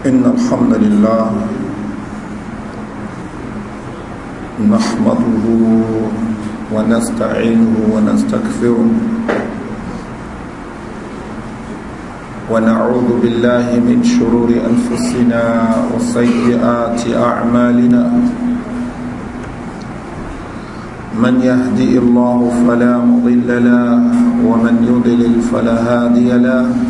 إن الحمد لله نحمده ونستعينه ونستكفره ونعوذ بالله من شرور أنفسنا وسيئات أعمالنا من يهدئ الله فلا مضل له ومن يضلل فلا هادي له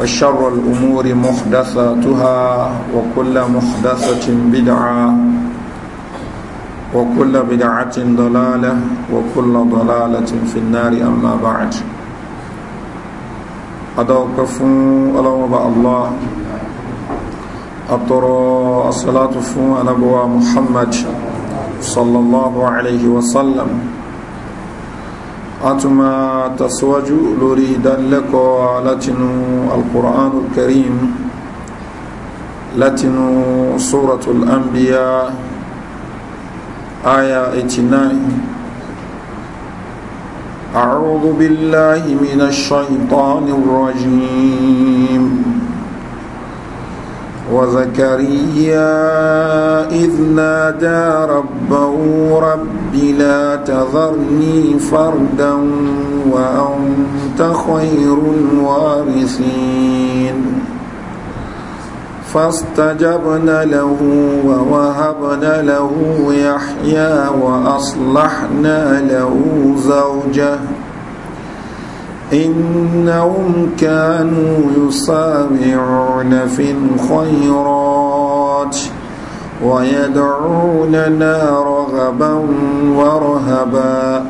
وشر الأمور محدثاتها وكل محدثة بدعة وكل بدعة ضلالة وكل ضلالة في النار أما بعد أدوقف الله الله أطر الصلاة فون بوا محمد صلى الله عليه وسلم أتما تسوج لريد لك لتن القرآن الكريم لتن سورة الأنبياء آية 89 أعوذ بالله من الشيطان الرجيم وزكريا إذ نادى ربه رب رب لا تذرني فردا وأنت خير الوارثين فاستجبنا له ووهبنا له يحيى وأصلحنا له زوجه إنهم كانوا يسارعون في الخيرات ويدعوننا رغبا ورهبا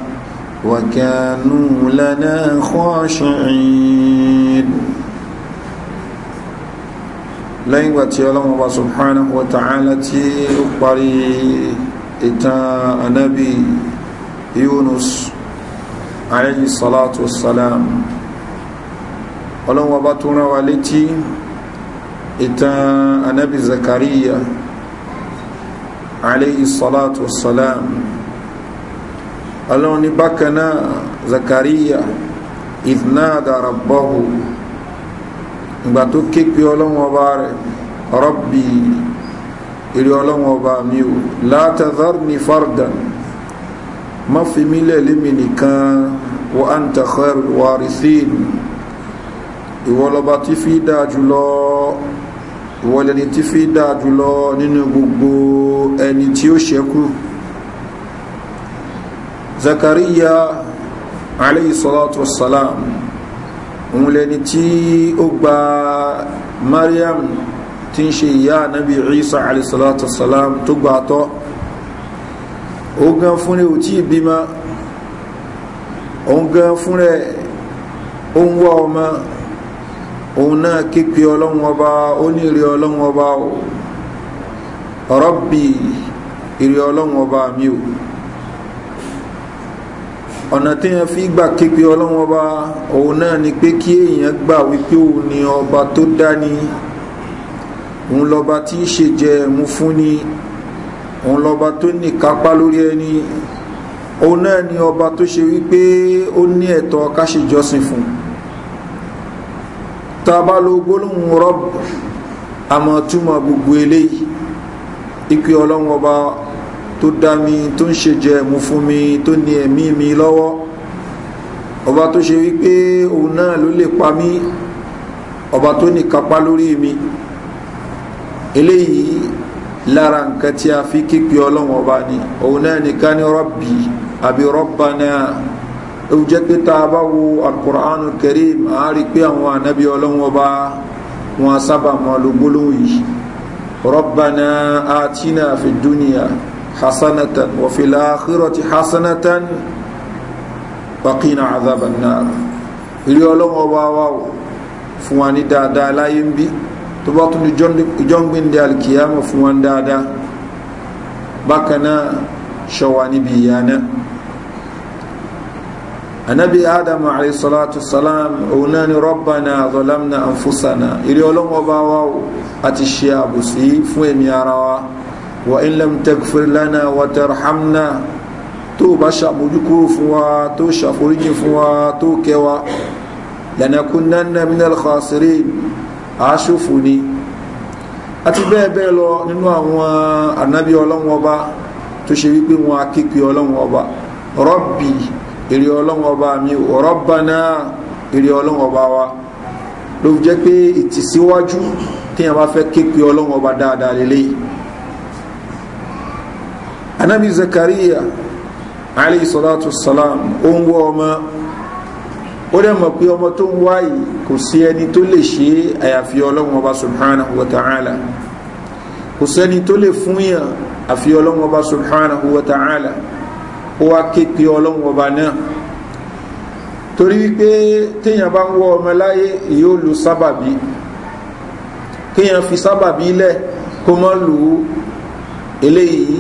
وكانوا لنا خاشعين lẹ́yìn ìgbà tí ọlọ́run ọba subhanahu wa ta'ala tí ó parí ìtàn anábì yunus alayhi salatu wassalam ọlọ́run ọba tó rán wa létí ìtàn anábì zakariya alayhi salatu wassalam ọlọ́run ní bákan náà zakariya idnada rabbahu ìgbà tó ké pe ọlọ́run ọba rẹ̀ rabbi èrè ọlọ́run ọba mi ò la tadharni fardan má fi mí lẹ̀ lémi nìkan wa anta khairul warithin ìwọlọba tí fi dáa jùlọ ìwọ lẹni tí fi dáa jùlọ nínú gbogbo ẹni tí ó ṣẹkù zakariya alayhi salatu wassalam òun lẹni tí ó gba mariam tí ń ṣe ìyá anabi isa alayhi salatu tó gba tọ́ ó gan fún rẹ̀ ò tí òun gan fún rẹ̀ ó wá ọmọ òun náà képe ọlọ́run ọba ó ní ìrẹ ọlọ́run ọba o rọ́bì ìrẹ ọlọ́run ọba mi o ọ̀nà tí yẹn fi gbà képe ọlọ́run ọba òun náà ni pé kí èèyàn gbà wípé òun ni ọba tó dání òun lọba tí í ṣe jẹ ẹ̀mú fún ni òun lọba tó ní kápá lórí ẹni òun náà ni ọba tó ṣe wípé ó ní ẹ̀tọ́ ká ṣèjọ́sìn fún un tàbá ló gbólóhùn rọ́bù àmọ́ túmọ̀ gbogbo eléyìí ìpè ọlọ́run ọba tó dá mi tó ń ṣe jẹ mú fún mi tó ní ẹ̀mí mi lọ́wọ́ ọba tó ṣe wípé òun náà ló lè pa mí ọba tó ní kápá lórí mi eléyìí lára nǹkan tí a fi kíkì ọlọ́run ọba ni òun náà nìkan ní rọ́bì àbí rọ́bà náà ewu jẹ́ pé tá a bá wo alukur'anu karim a rí pé àwọn anabi ọlọ́run ọba wọn sábà máa lo gbólóhùn yìí rọ́bànà àtinà fi dúnìyà hasanatan wàfìlà àkírọ̀tì hasanatan wàkínà àdàbànà ilé ọlọ́run ọba wa o fún wa ní dáadáa láyé ń bí tó bá alikiyama fún wa ní dáadáa bákan anabi adam alayhi salatu salam òun náà ni rabbana zalamna anfusana ìrí ọlọ́wọ́ bá wá o àti ṣe àbòsí fún èmi ara wa wa in lam tagfir lana wa tarhamna tó bá ṣàmójúkúrò fún wa tó ṣàforíjì fún wa tó kẹwa lanakunanna minal khasirin aṣòfò ni àti bẹ́ẹ̀ bẹ́ẹ̀ lọ nínú anabi ọlọ́wọ́ bá tó ṣe wípé wọn akéèké ọlọ́wọ́ bá rabbi èrè ọlọ́run ọba mi rabbana èrè ọlọ́run ọba wa ló fi jẹ́ pé ìtìsíwájú téèyàn bá fẹ́ ké pe ọlọ́run ọba dáadáa lélẹ́yìí anabi zakariya alayhi salatu salam ó ń wọ ọmọ ó dẹ̀ mọ̀ pé ọmọ tó ń wáyé kò sí ẹni tó lè ṣe àyàfi ọlọ́run subhanahu wa ta'ala kò sẹ́ni tó lè fún yàn àfi ọlọ́run subhanahu wa ta'ala ó wá ké pe ọlọ́run ọba náà torí wípé téèyàn bá ń wọ ọmọ láyé yóò lu sábàbí kéèyàn fi sábàbí lẹ̀ kó mọ́ lu eléyìí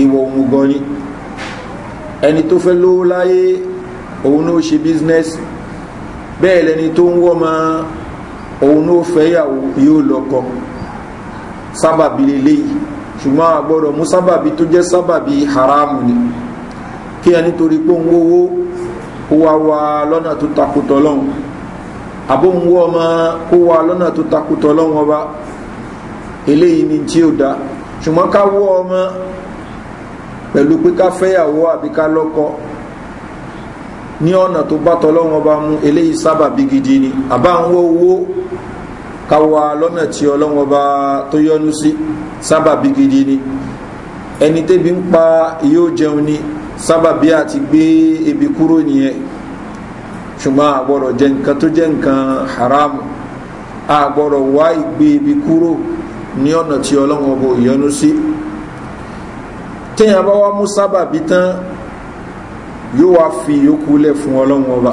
ìwọ̀ òun gan ni ẹni tó fẹ́ lówó láyé òun ló ṣe bísínẹ́sì bẹ́ẹ̀ lẹni tó ń wọ́ ma òun ló fẹ́ yóò lọ́kọ sábàbí lélẹ́yìí ṣùgbọ́n àgbọ̀rọ̀ mú sábàbí tó jẹ́ sábàbí haramu ni kí ẹni torí pé òun wówó kó wá wá lọ́nà tó takùtọ̀ lọ́hùn àbó òun wó ọmọ kó wá lọ́nà tó takùtọ̀ lọ́hùn ọba eléyìí ni tí ó da ṣùgbọ́n ká wó ọmọ pẹ̀lú pé ká fẹ́yàwó àbí ká lọ́kọ ní ọ̀nà tó bá tọ́lọ́wọ́n ọba mú eléyìí sábà bí gidi ni àbá ń wó owó ká wá lọ́nà tí ọlọ́wọ́n ọba tó yọnu sí sábà bí gidi ni ẹni tébi ń pa yóò jẹun ni sábàbí àti gbé ebi kúrò nìyẹn ṣùgbọ́n àgbọ̀rọ̀ jẹ́ nǹkan tó jẹ́ nǹkan haramu àgbọ̀rọ̀ wá ìgbé ebi kúrò ní ọ̀nà tí ọlọ́run ọbọ̀ ìyọnu sí téèyàn bá wá mú sábàbí tán yóò wá fi yókù lẹ̀ fún ọlọ́run ọba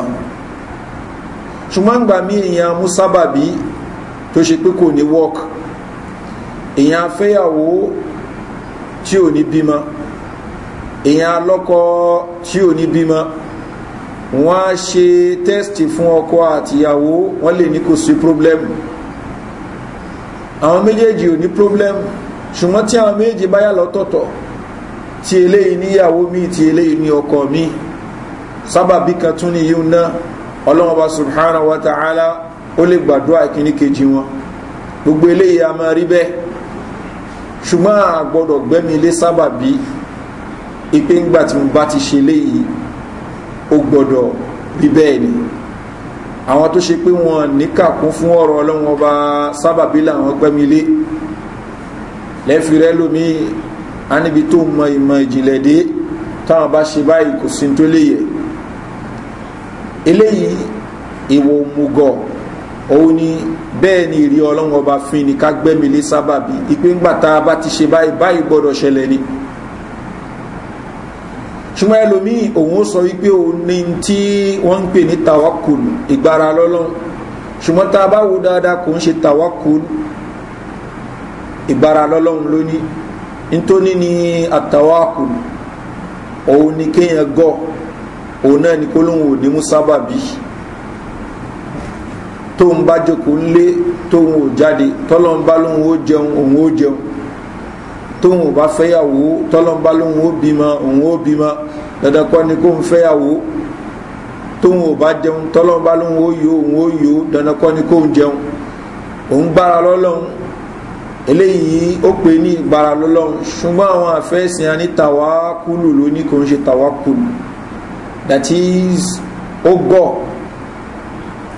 ṣùgbọ́n gbà mí èèyàn mú sábàbí tó ṣe pé kò ní wọ́ọ̀kì èèyàn afẹ́yàwó tí ò ní bímọ èèyàn alọ́kọ tí ò ní bímọ wọ́n á ṣe tẹ́sítì fún ọkọ àtìyàwó wọ́n lè ní kò sí pírọ́blẹ́mù àwọn méjèèjì ò ní pírọ́blẹ́mù ṣùgbọ́n tí àwọn méjèèjì bá yà lọ́tọ̀ọ̀tọ̀ tí eléyìí níyàwó mi tí eléyìí ní ọkọ mi sábàbí kan tún ní yíò náà ọlọ́mọba subhanahu wa ta'ala ó lè gbàdúrà ìkíní kejì wọn gbogbo eléyìí a máa rí bẹ́ẹ̀ ṣùgbọ́n àgbọ̀dọ̀ gbẹ́mi lé sábàbí ipe ńgbà tí mo bá ti ṣe léyìí ó gbọ́dọ̀ rí bẹ́ẹ̀ ni àwọn tó ṣe pé wọn níkàkún fún ọ̀rọ̀ ọlọ́run ọba sábàbí làwọn gbẹ́mi lé lẹ́fi rẹ́ lómi á níbi tó mọ ìmọ̀ ìjìnlẹ̀ dé táwọn bá ṣe báyìí kò sí tó lè yẹ eléyìí ìwò òmùgọ̀ òun ni bẹ́ẹ̀ ni ìrí ọlọ́run ọba fún ni ká gbẹ́mi lé sábàbí ìpínpàtà bá ti ṣe báyìí báyìí gbọ́dọ̀ ṣẹlẹ̀ ni ṣùgbọ́n ẹlòmíì òun sọ wípé o ní tí wọ́n ń pè ní tawakul ìgbára lọ́lọ́n ṣùgbọ́n tá a bá wo dáadáa kò ń ṣe tawakul ìgbára lọ́lọ́n lónìí nítorí ní àtàwakul òun ni kéèyàn gọ́ òun náà ni kólóhùn òní mú sábàbí tóun bá jókòó ńlé tóun ò jáde tọ́lọ́n bá ó jẹun òun ó jẹun tóun ò bá fẹ́yàwó tọ́lọ́mbá lóun ó bímọ òun ó bímọ dandan kọ́ ni kóun fẹ́yàwó tóun ò bá jẹun tọ́lọ́mbá lóun ó yó òun ó yó dandan ni kóun jẹun òun gbára lọ́lọ́run eléyìí ó pè ní ìgbára lọ́lọ́run ṣùgbọ́n àwọn àfẹ́sìn àní tàwákùlù ló kò ń ṣe tàwákùlù that is ó gọ̀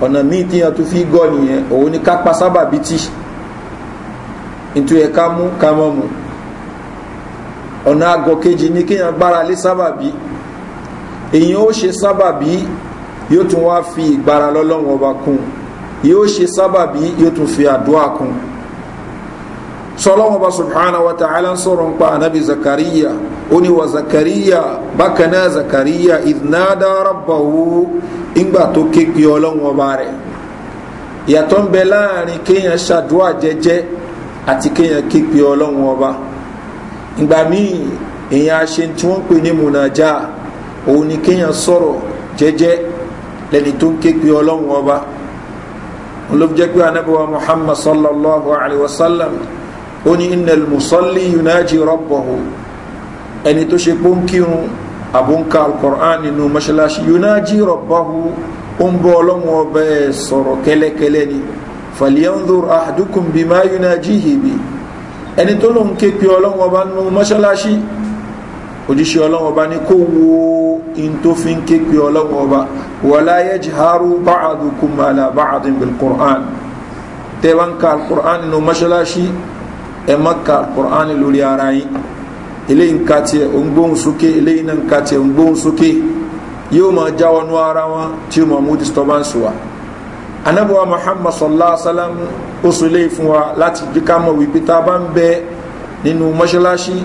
ọ̀nà míì tí yẹn tó fi gọ̀ nìyẹn òun ni ká pa sábàbí tì nítorí ẹ̀ ká mú ká mọ́ mu ọ̀nà àgọ̀ kejì ní kéèyàn gbára lé sábàbí èyàn ó ṣe sábàbí yóò tún wá fi ìgbára lọ́lọ́wọ́n ọba kún yóò ṣe sábàbí yóò tún fi àdúrà kún sọlọ́wọ́n bá subhanahu wa ta'ala ń sọ̀rọ̀ ń pa anabi zakariya ó ní wa zakariya bákan náà zakariya ìdínádá rabbahu ìgbà tó ké pe ọlọ́wọ́n ọba rẹ̀ ìyàtọ̀ ń bẹ láàrin kéèyàn ṣàdúrà jẹ́jẹ́ àti kéèyàn ké pe ọlọ́wọ́n ọba rẹ̀ ìgbà míì èèyàn aṣe tí wọ́n ń pè ní mùnàjà òun ni kéèyàn sọ̀rọ̀ jẹ́jẹ́ lẹ́ni tó ń ké pe ọlọ́run ọba olóbi jẹ́ pé anábíwá muhammad sallallahu alayhi wa sallam ó ní inel musalli yunaji rọ́bọ̀hù ẹni tó ṣe pọ́n kírun àbúnká alkùnrán nínú mọ́ṣáláṣí yunaji rọ́bọ̀hù ó ń bọ́ ọlọ́run ọba ẹ̀ sọ̀rọ̀ kẹ́lẹ́kẹ́lẹ́ ni fàlíyàn dùr àdúkùn bímá yunaji hìbì ẹni tó lóun ké pe ọlọ́wọ́n ọba nínú mọ́ṣáláṣí òjíṣẹ́ ọlọ́wọ́n ọba ní kó wo in tó fi ń ké pe ọlọ́wọ́n ọba wàlá yajharu ba'dukum ala ba'din bil qur'an tẹ́ bá ń ka alukur'an nínú mọ́ṣáláṣí ẹ má ka alukur'an lórí ara yín eléyìí ń ka tiẹ̀ ń gbóhùn sókè eléyìí náà ń ka tiẹ̀ ń gbóhùn sókè yóò máa já wọnú ara wọn tí ó máa mú disturbance wa anabuwa muhammad sallallahu alaihi wa sallam ó sọ ilé fún wa láti jí ká mọ̀ wípé tá a bá ń bẹ nínú mọ́ṣáláṣí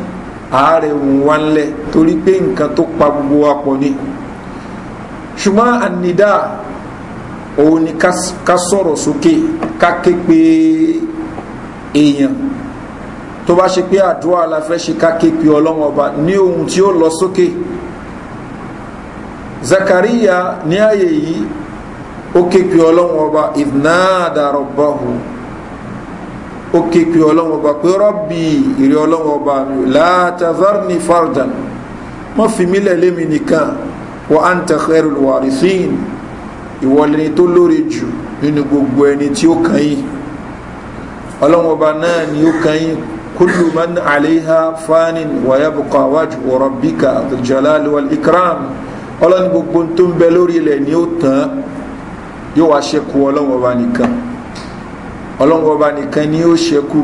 ààrẹ òun wá ńlẹ̀ torí pé nǹkan tó pa gbogbo wa pọ̀ ni ṣùgbọ́n ànídà òun ni ká sọ̀rọ̀ sókè ká ké pe èèyàn tó bá ṣe pé àdúrà la fẹ́ ṣe ká ké pe ọlọ́wọ́n ọba ní ohun tí ó lọ sókè zakariya ní ààyè yìí ó ké pe ọlọ́wọ́n ọba ìdínàdàrọ̀ bọ́hùn ó ké pe ọlọ́wọ́n ọba pé rọ́bì ìrẹ́ ọlọ́wọ́n ọba mi látàzárni fardan wọ́n fi mí lẹ́lé mi nìkan wọ́n á ń ta khairul warisin ìwọlẹ́ni tó lóore jù nínú gbogbo ẹni tí ó kàn yín ọlọ́wọ́n ọba náà ni ó kàn yín kullu man alayha fanin wa yabqa wajhu rabbika dhul jalali ikram ọlọ́ni gbogbo tó ń bẹ lórí ilẹ̀ ni ó tán yóò wá ṣẹ́kù ọlọ́wọ́n ọba nìkan ọlọ́ngọba nìkan ni ó ṣẹkù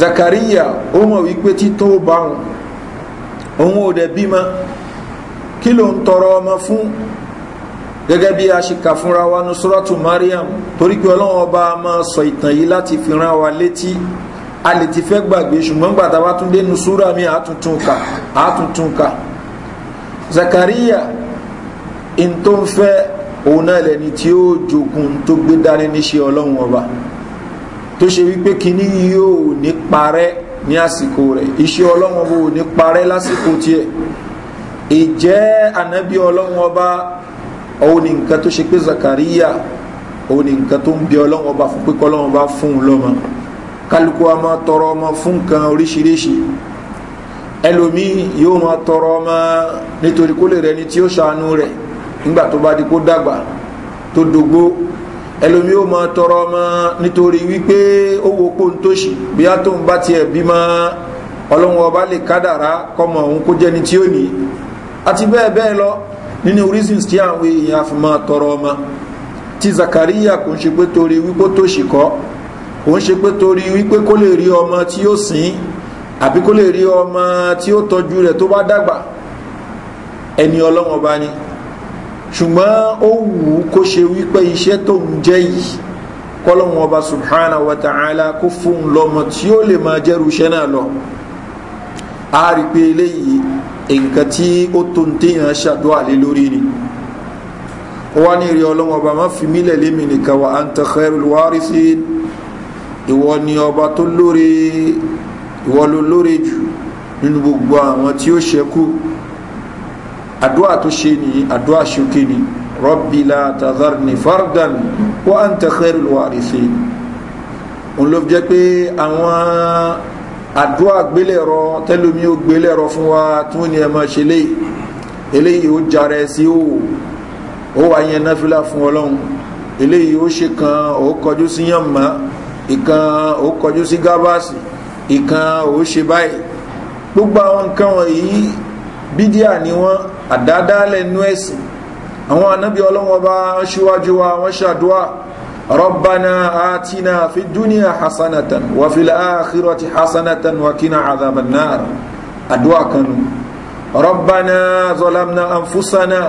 zakariya ó mọ̀ wípé títọ́ ó bá wọn òun ò dẹ̀ bímọ kí ló ń tọrọ ọmọ fún gẹ́gẹ́ bí a ṣe kà fúnra wa ní suratu mariam torí pé ọlọ́run ọba máa sọ ìtàn yìí láti fi ran wa létí a lè ti fẹ́ gbàgbé ṣùgbọ́n gbàtà wa tún dénú súra mi àtúntún kà àtúntún kà zakariya in tó ń fẹ́ òun náà lẹni tí ó jogun tó gbé dání níṣẹ́ ọlọ́run ọba tó ṣe wípé kíní yóò ní parẹ́ ní àsìkò rẹ̀ iṣẹ́ ọlọ́wọ́n bò ní parẹ́ lásìkò tiẹ̀ ìjẹ́ ànábí ọlọ́wọ́n ọba òun ni nǹkan tó ṣe pé zakariya òun ni nǹkan tó ń bí ọlọ́wọ́n ọba fún pípọ́ ọlọ́wọ́n ọba fún un lọ́mọ kálukú a máa tọrọ ọmọ fún nǹkan oríṣiríṣi ẹlòmíì yóò máa tọrọ ọmọ nítorí kó lè rẹni tí ó ṣàánú rẹ̀ nígbà tó bá di kó dàgbà tó dogbo ẹlòmí ó máa tọrọ ọmọ nítorí wípé ó wo pọ́n tó ṣì bí a tó ń bá tiẹ̀ bímọ ọlọ́run ọba lè kádàrá kọmọ òun kó jẹni tí ó ní àti bẹ́ẹ̀ bẹ́ẹ̀ lọ nínú reasons tí àwọn èèyàn fi máa tọrọ ọmọ tí zakariya kò ń ṣe pé torí wípé tó ṣì kọ́ kò ń ṣe pé torí wípé kó lè rí ọmọ tí ó sìn àbí kó lè rí ọmọ tí ó tọ́jú rẹ̀ tó bá dàgbà ẹni ọlọ́run ọba ni ṣùgbọ́n ó wù ú kó ṣe wípé iṣẹ́ tó ń jẹ́ yìí kọ́lọ́hún ọba subhana wa ta'ala kó fún un lọ́mọ tí ó lè máa jẹ́rù iṣẹ́ náà lọ a rí pé eléyìí nǹkan tí ó tó ń téèyàn ṣàdúrà lé lórí ni wọ́n ní rí ọlọ́hún ọba má fi mílẹ̀ lémi nìkan wà á ń tẹ xẹ́rù wárí sí ìwọ ni ọba tó lóore ìwọ ló lóore jù nínú gbogbo àwọn tí ó ṣẹkù àdúrà tó ṣe nìyí àdúrà ṣókè ni rọ́bì la tazarni fardan wa anta khairul warithin òun ló jẹ́ pé àwọn àdúrà gbélẹ̀rọ tẹ́lómi ó gbélẹ̀rọ fún wa tún ní ẹ máa ṣe lé eléyìí ó jara ẹ sí òwò ó wà yẹn náfìlà fún ọlọ́run eléyìí ó ṣe kan ó kọjú sí yànmá ìkan ó kọjú sí gábàsì ìkan ó ṣe báyìí gbogbo àwọn nǹkan wọ̀nyí bídíà ni wọ́n àdádálẹ̀ nú ẹ̀sìn àwọn anábí ọlọ́wọ́ bá ṣíwájú wa wọ́n ṣàdúwà rọ́bánà àtìnà fi dúníà hasanatan wà fi láàkírọ̀ ti hasanatan wà kí náà àzàbànáà àdúwà kanu rọ́bánà zọlámnà àǹfúsánà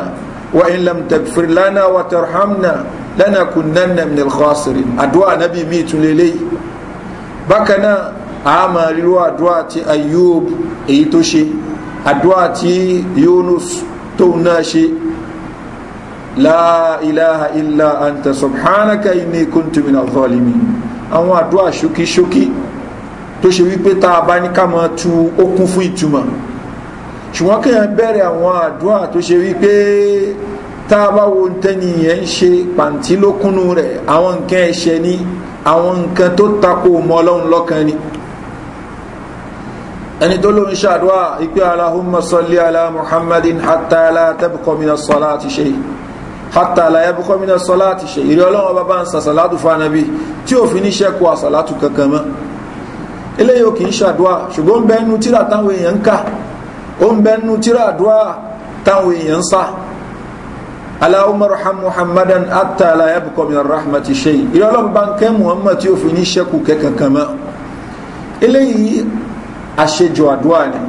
wà in lam tagfir lana wà tarhamna lana kunanna min alkhasirin àdúwà anábí mi tún lélẹ́yìí bákan náà a ríro àdúwà ti ayub èyí tó ṣe àdúrà tí Yunus tóun náà ṣe la ilaha illa anta subhanaka inni kuntu minal zalimin àwọn àdúrà ṣókíṣókí tó ṣe wípé tá a bá ní ká máa tu okun fún ìtumọ̀ ṣùgbọ́n kéèyàn bẹ̀rẹ̀ àwọn àdúrà tó ṣe wípé tá a bá wo tẹ́ni yẹn ń ṣe pàǹtí lókùnú rẹ̀ àwọn nǹkan ẹ̀ṣẹ̀ ni àwọn nǹkan tó tako mọ́ ọlọ́run lọ́kàn ni ẹni tó ló ń ṣàdúrà ìpé aláhùnmá sọlé alá muhammadin hátàlá tẹ́bùkọ́mìnà sọlá ti ṣe hátàlá yẹ́bùkọ́mìnà sọlá ti ṣe ìrí ọlọ́run bàbá ń sàṣàlátù fanabi tí ò fi ní ṣẹ́kù àṣàlátù kankan mọ́ eléyìí ò kì í ṣàdúrà ṣùgbọ́n ń bẹ́nu tíra táwọn èèyàn ń kà ó ń bẹ́nu tíra àdúrà táwọn èèyàn ń sá aláhùnmá rahman muhammadan hátàlá yẹ́bùkọ́mìnà rahmati ṣe àṣejù àdúrà ni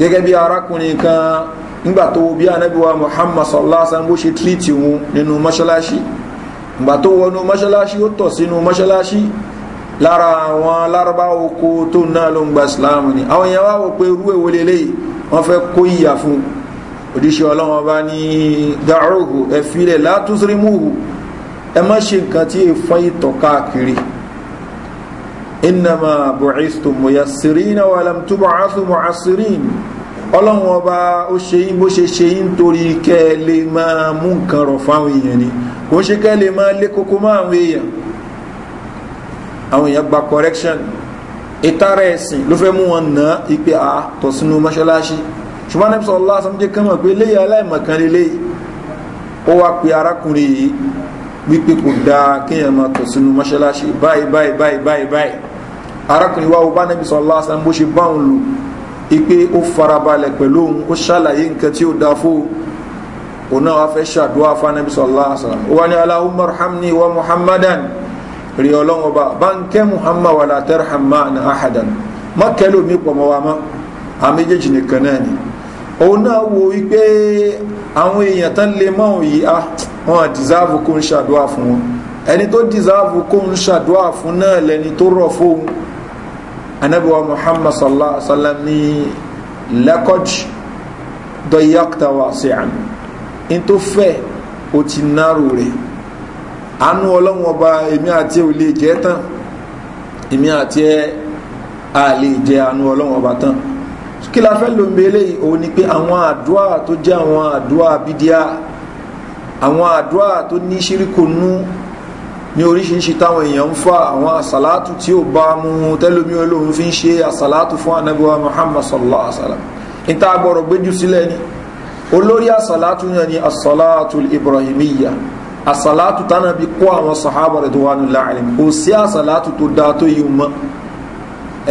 gẹ́gẹ́ bí arákùnrin kan nígbà tó wo bí anábíwá muhammad sallallahu alaihi wasallam bó ṣe tírìtì wọn nínú mọ́ṣáláṣí ìgbà tó wọnú mọ́ṣáláṣí ó tọ̀ sínú mọ́ṣáláṣí lára àwọn lárúbáwò oko tó náà ló ń gba islam ni àwọn èèyàn wá wò pé irú èwo lélẹ́yìí wọ́n fẹ́ kó ìyà fún un òdíṣẹ́ ọlọ́wọ́n ní da'uhu ẹ̀fílẹ̀ látúnsírímùhù ẹ má ṣe nǹkan tí èèfọ́ ìtọ̀ káàkiri إنما bu'istu ميسرين ولم lam tub'athu mu'assirin ọlọ́run ọba ó ṣe yín bó ṣe ṣe yín torí kẹ́ ẹ lè máa mú nǹkan rọ̀ fáwọn èèyàn ni kò ń ṣe kẹ́ ẹ lè máa lé koko mọ́ àwọn èèyàn àwọn èèyàn gba correction ìtara ẹ̀sìn ló fẹ́ mú wọn nà á ipe a tọ̀ sínú mọ́ṣáláṣí ṣùgbọ́n nípa sọ̀rọ̀ lásán jẹ́ kán mọ̀ pé léyìí aláìmọ̀kan lélẹ́yìí ó wá pe arákùnrin yìí wípé kò dáa kéèyàn máa tọ̀ sínú mọ́ṣáláṣí báyìí báyìí báyìí báyìí arákùnrin wa wo bá nẹ́bí sọ̀rọ̀ lásán bó ṣe bá òun lò ipe ó farabalẹ̀ pẹ̀lú òun ó ṣàlàyé nǹkan tí ó da fó òun náà wá fẹ́ ṣàdúrà fánẹ́bí sọ̀rọ̀ lásán ó wá ní aláhùnmọ́ hamni wa muhammadan rí ọlọ́run bá ń kẹ́ muhammad wà látẹ́rẹ̀ hamma na ahadan má kẹ́lò mi pọ̀ mọ́ wa mọ́ àmì jẹ́jì nìkan náà ni òun náà wo wípé àwọn èèyàn tán lè mọ́ òun yìí ah, á wọn kó ń ṣàdúrà fún wọn ẹni tó dìsáàfù kóhun ṣàdúrà fún náà lẹni tó rọ̀ fóhun anabiwa muhammad sallallahu alaihi wasallam ni lakoj dọyakta wasi'an in tó fẹ́ o ti náró rẹ̀ anu ọlọ́run ọba èmi àti ò lè jẹ́ tán èmi àti ẹ a lè jẹ anu ọlọ́run ọba tán kí la òun ni pé àwọn àdúrà tó jẹ́ àwọn àdúrà bídíà àwọn àdúrà tó ní ṣíríkò nú ní oríṣiríṣi táwọn èèyàn ń fa àwọn àsàlátù tí ó bá mú tẹ́lómi olóhun fi ń ṣe àsàlátù fún anábíwá muhammad sallallahu alaihi wasallam níta agbọ̀rọ̀ gbéjú sílẹ̀ ni olórí àsàlátù yẹn ni àsàlátù ibrahimiyya àsàlátù tánà bí kó àwọn sàhábà rẹ̀ tó wà ní láàrin kò sí àsàlátù tó dáa tó yìí mọ́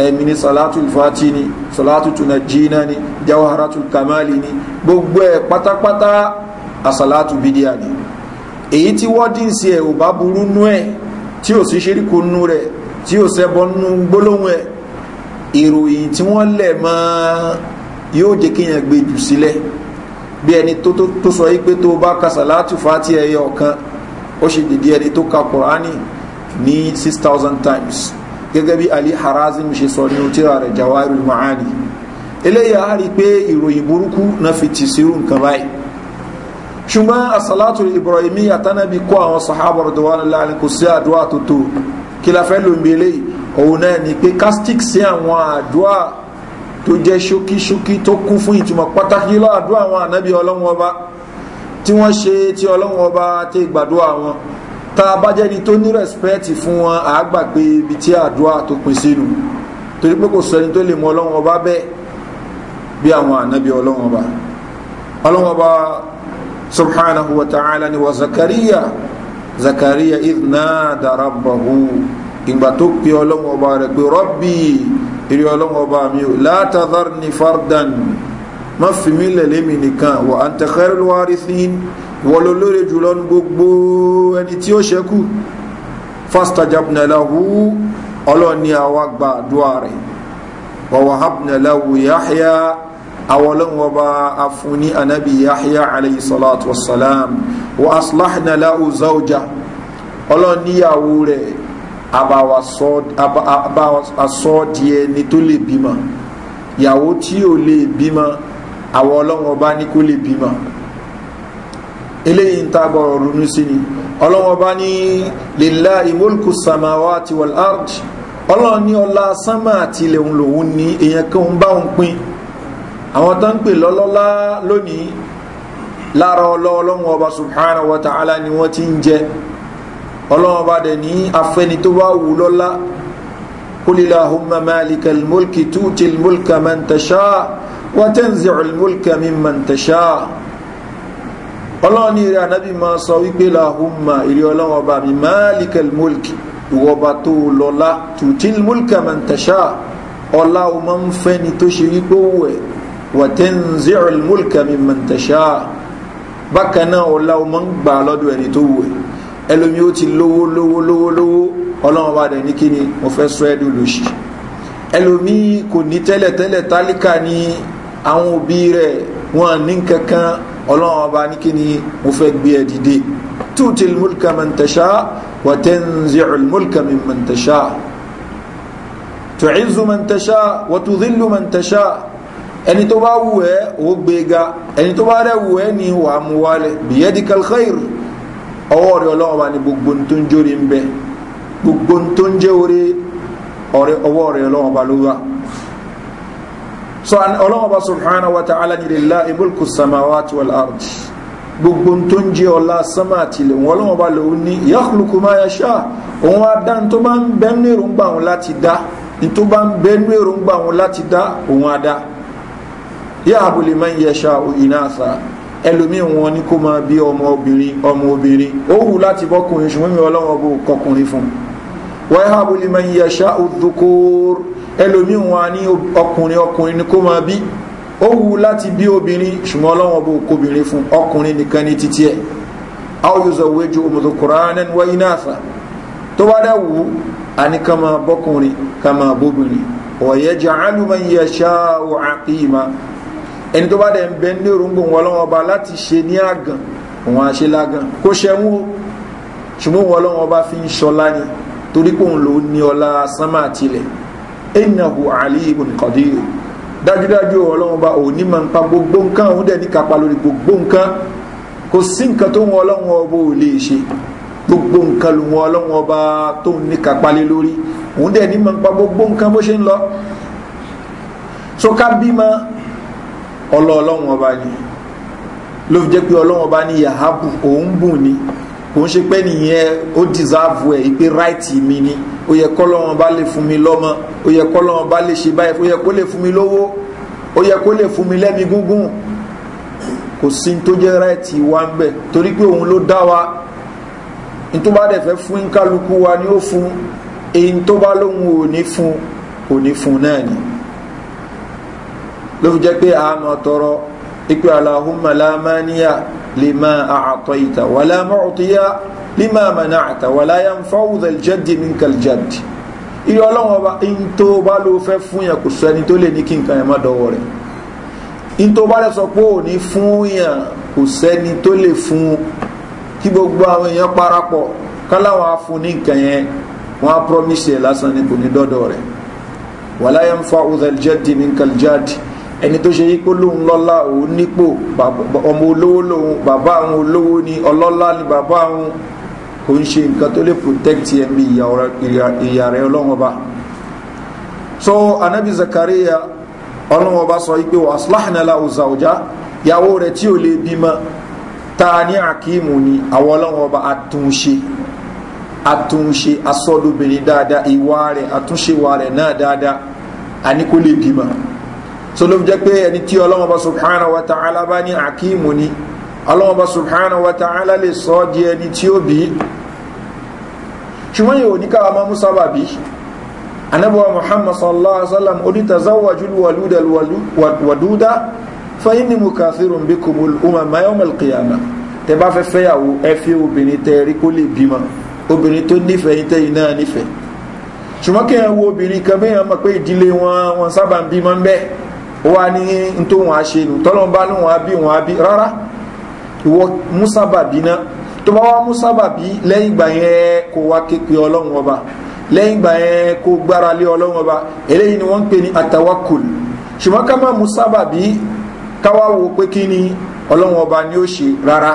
ẹ̀mí ni sàlátù ìfàtí ni sàlátù tunajjina ni jawaharatul kamali ni gbogbo ẹ̀ pátápátá àsàlátù bídíà ni èyí tí wọ́dínsì ẹ̀ ò bá burú nú ẹ̀ tí ò sí ṣeríko nú rẹ̀ tí ò sẹ́bọ̀ nú gbólóhùn ẹ̀ ìròyìn tí wọ́n lẹ̀ yóò jẹ́ kí yẹn jù sílẹ̀ bí ẹni tó sọ yìí pé tó bá kásà láti fàtí ẹyẹ ọ̀kan ó ṣe dìde ẹni tó ka kùránì ní 6000 times gẹ́gẹ́ bí ali harazim ṣe sọ ní òtíra rẹ̀ jawaru ìròyìn burúkú náà fi tì nǹkan ṣùgbọ́n asalatu ibrahimi atanabi kó àwọn sahaba rọ̀dọ̀wọ́n láàrin kò sí àdúrà tó tó kí la fẹ́ ló ń belé òun náà ni pé castic sí àwọn àdúrà tó jẹ́ ṣókíṣókí tó kún fún ìtumọ̀ pàtàkì lọ àdúrà àwọn ànábì ọlọ́run ọba tí wọ́n ṣe tí ọlọ́run ọba tẹ́ gbàdúrà wọn tá a bá jẹ́ni tó ní rẹ̀spẹ́ẹ̀tì fún wọn àágbà pé ibi tí àdúrà tó pin sínú torí pé kò sẹ́ni tó lè mọ ọlọ́run ọba bẹ́ẹ̀ bí àwọn ànábì ọlọ́run ọba ọlọ́run ọba subhanahu wa ta'ala ni wa zakariya zakariya idnada rabbahu ìgbà tó pe ọlọ́wọ́ ọba rẹ̀ pé rọ́bì ìrì ọlọ́wọ́ ọba mi ò látàdárni fardan má fi mí lẹ̀lẹ́ mi nìkan wà á ń tẹ̀kẹ́rẹ́ lórí sí wọ́n ló gbogbo ẹni tí ó ṣẹ́kù fastajabna lahu ọlọ́ni àwa gba àdúrà wa wahabna lahu yahya àwọn ọlọ́run ọba afúnni anabi yahya alayhi salatu wa salam wa aslahna lahu zawja ọlọ́run níyàwó rẹ̀ abawasọ́ díẹ̀ ni tó lè bímọ ìyàwó tí ò lè bímọ àwọn ọlọ́run ọba ní kó lè bímọ eléyìí ń ta ronú sí ni ọlọ́run ọba ní lèlá ìmọ̀lùkù samawa ti wàlárd ọlọ́run ní ọlá sánmà àti ilẹ̀ òun lòun ní èèyàn kan ń bá òun pin àwọn tó ń pè lọ́lọ́lá lónìí lára ọlọ́ọlọ́wọ́ ọba subhanahu wa ta'ala ni wọ́n ti ń jẹ ọlọ́wọ́ bá dẹ̀ ní afẹ́ni tó bá wù lọ́lá kulilahumma malika almulki tuti almulka man tasha wa tó lọ́lá tuti ọlá o máa ń fẹ́ni tó ṣe wípé wù wàtẹ́nzí ọ̀lmùlùkà mi mọ̀ntàṣá bákan náà ọ̀la ọmọ ń gbà lọ́dọ̀ ẹni tó wù ẹ́ ẹlòmí ó ti lówó lówó lówó lówó ọlọ́run bá dẹ̀ ní kí ni mo fẹ́ sọ ẹ́ lòlòṣì ẹlòmí kò ní tẹ́lẹ̀ tẹ́lẹ̀ tálíkà ni àwọn òbí rẹ̀ wọn ní kankan ọlọ́run bá ní kí ni mo fẹ́ gbé ẹ dìde tuuti ọ̀lmùlùkà mọ̀ntàṣá wàtẹ́nzí ọ̀lmùlùkà mi mọ̀ntàṣá tùcízu mọ̀ntàṣá wàtúdílù mọ̀ntàṣá ẹni tó bá wù ẹ́ ó gbéga e ẹni tó bá rẹ̀ wù ẹ́ ní wàá mú wálẹ̀ bìyẹ́dì kalkhair ọwọ́ rẹ̀ ọlọ́wọ́ bá ní gbogbo tó ń jórí ń bẹ gbogbo tó ń jẹ́ orí ọwọ́ rẹ̀ ọlọ́wọ́ bá ló wà so ọlọ́wọ́ bá subhana wa ta'ala ní lèlá ibùlkù samawati wal ard gbogbo tó ń jẹ́ ọlá sama àti ilẹ̀ wọn ọlọ́wọ́ bá lòun ní yakhluqu ma yasha òun á tó bá ń bẹ́nu èròǹgbà èròǹgbà wọn láti dá òun á yáàbò lè máa ń yẹṣà òyìnà àṣà ẹlòmíì wọn ni kó máa bí ọmọ obìnrin ọmọ obìnrin ó wù láti bọ́kùnrin ṣùgbọ́n mi ọlọ́wọ́ bó kọkùnrin fún un wọ́n yáàbò lè máa ń yẹṣà òdòkóòr ẹlòmíì wọn ni ọkùnrin ọkùnrin ni kó máa bí ó wù láti bí obìnrin ṣùgbọ́n ọlọ́wọ́ bó kóbìnrin fún ọkùnrin nìkan ní títí ẹ̀ áwòyúzọ̀ wéjú òmùdókòrán wáyín àṣà ẹni tó bá dẹ̀ ń bẹ ní òrùngbò wọn lọ́wọ́ ọba láti ṣe ní àgàn òun àṣe lágàn kó ṣẹ́wó ṣùgbọ́n wọn lọ́wọ́ ọba fi ń ṣọlá ni torí pé òun ló ní ọlá sánmà àtilẹ̀ ẹ̀nàhù àlì ibùn kọ̀díyò dájúdájú ọlọ́run ọba òní máa ń pa gbogbo nǹkan òun dẹ̀ ní kápá lórí gbogbo nǹkan kò sí nǹkan tó wọn ọlọ́run ọba ò lè ṣe gbogbo nǹkan ló wọn ọlọ́run ọba tó ní kápá lé lórí òun dẹ̀ ní máa ń pa gbogbo nǹkan bó ṣe ń lọ so ká bímọ ọlọ́ọ̀lọ́wọ̀n ọba ni ló fi jẹ́ pé ọlọ́wọ̀n ọba ní yahabu òun bùn ni òun ṣe pé nìyẹn ó dìsáàfù ẹ̀ ìpè ráìtì mi ni ó yẹ kọ́lọ́wọ̀n ọba lè fún mi lọ́mọ ó yẹ kọ́lọ́wọ̀n ọba lè ṣe báyìí ó yẹ kó lè fún mi lówó ó yẹ kó lè fún mi lẹ́mi gúngún kò sí tó jẹ́ ráìtì wa ń bẹ̀ torí pé òun ló dá wa n dẹ̀ fẹ́ fún kálukú wa ni ó fún èyí tó lóhun ò fún ò fún náà ni ló fi jẹ́ pé àmọ́ tọrọ ipe aláhùnmá lámáníyà lima àtọ̀yìtà wà lámọ́ọ̀tìyà lima manáàtà wà láyà ń fáwùdà jáde ní kàljáde iye ọlọ́wọ́n ọba in tó bá ló fẹ́ fún yàn kò sọ ẹni tó lè ní kí nǹkan ẹ̀ má rẹ̀ in tó bá lè sọ pé òní fún yàn kò sẹ́ni tó lè fún kí gbogbo àwọn èèyàn parapọ̀ káláwọn afun ní nǹkan yẹn wọn á promise ẹ̀ lásán ni kò ní dọ́dọ̀ rẹ̀ wà láyà ń fáwùdà jáde ní kàljáde ẹni tó ṣe yípo lóun lọ́lá òun nípò ọmọ olówó lòun bàbá àwọn olówó ni ọlọ́lá ni bàbá àwọn kò ń ṣe nǹkan tó lè protect yẹn ìyá ọlọ́wọ́n ọba so anabi zakariya ọlọ́wọ́n ọba sọ wípé wà asláhànàlá yàwó rẹ̀ tí ò lè bímọ ta ní ni àwọn ọlọ́wọ́n ọba àtúnṣe àtúnṣe asọ́dọ̀bìnrin dáadáa ìwà rẹ̀ àtúnṣe wà rẹ̀ náà dáadáa so ló fi jẹ́ pé ẹni tí ọlọ́mọba subhanahu wa ta'ala bá ní akíìmù ni ọlọ́mọba subhanahu wa ta'ala lè sọ ọ́ di ẹni tí ó bí ṣùgbọ́n yóò ní káwa máa mú sábàbí anabuwa muhammad sallallahu alaihi wasallam onítazawájú wàlúdà wàdúdà fẹ́yìn ni mo kàfírùn bí kò mọ̀ mayọ́mọ̀lì kìyàmà tẹ bá fẹ́ fẹ́yàwó ẹ fi obìnrin tẹ rí kó lè bímọ obìnrin tó nífẹ̀ẹ́ yín tẹ́yìn náà nífẹ̀ẹ́ ṣùgbọ́n kí ẹ wo obìnrin kan bí wọn mọ̀ pé ìdílé wọn wọn sábà ń bímọ ń wá ní tó wọn á ṣe tọ́lọ́n bá ní wọn a bí wọn á bí rárá ìwọ músábàbí náà tó bá wá músábàbí lẹ́yìn ìgbà ọba lẹ́yìn ìgbà yẹn kó gbára ọba eléyìí ni wọ́n ń pè ní atawakul ṣùgbọ́n ká má músábàbí káwá ọba ni ó ṣe rárá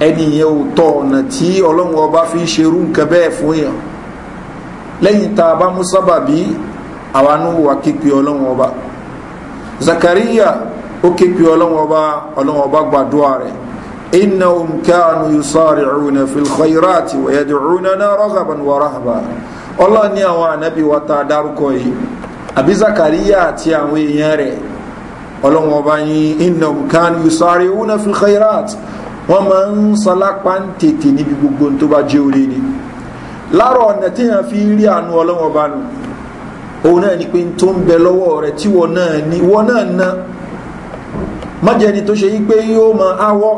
ẹni yẹn ò ọ̀nà ọba fi ṣe irú nǹkan bẹ́ẹ̀ fún yàn lẹ́yìn tá a bá àwa nù ọba. zakariya ó ké pe ọlọ́wọ́n ọba ọlọ́wọ́n ọba gbàdúrà rẹ̀ innahum kanu yusari'una fil khayrati wa yad'unana raghaban wa rahaba ọlọ́run ní àwọn ànábì wa ta dárúkọ yìí àbí zakariya àti àwọn èèyàn rẹ̀ ọlọ́wọ́n ọba ní innahum kanu yusari'una fil khayrati wọ́n máa ń salápá ń tètè níbi gbogbo tó jẹ́ orí ni láàrọ̀ ọ̀nà tí yàn fi rí àánú ọlọ́wọ́n ọba nù òun náà ni pé tó ń bẹ lọ́wọ́ rẹ̀ tí wọ́n náà ni wọ́n náà na má jẹni tó ṣe yí pé yóò máa áwọ́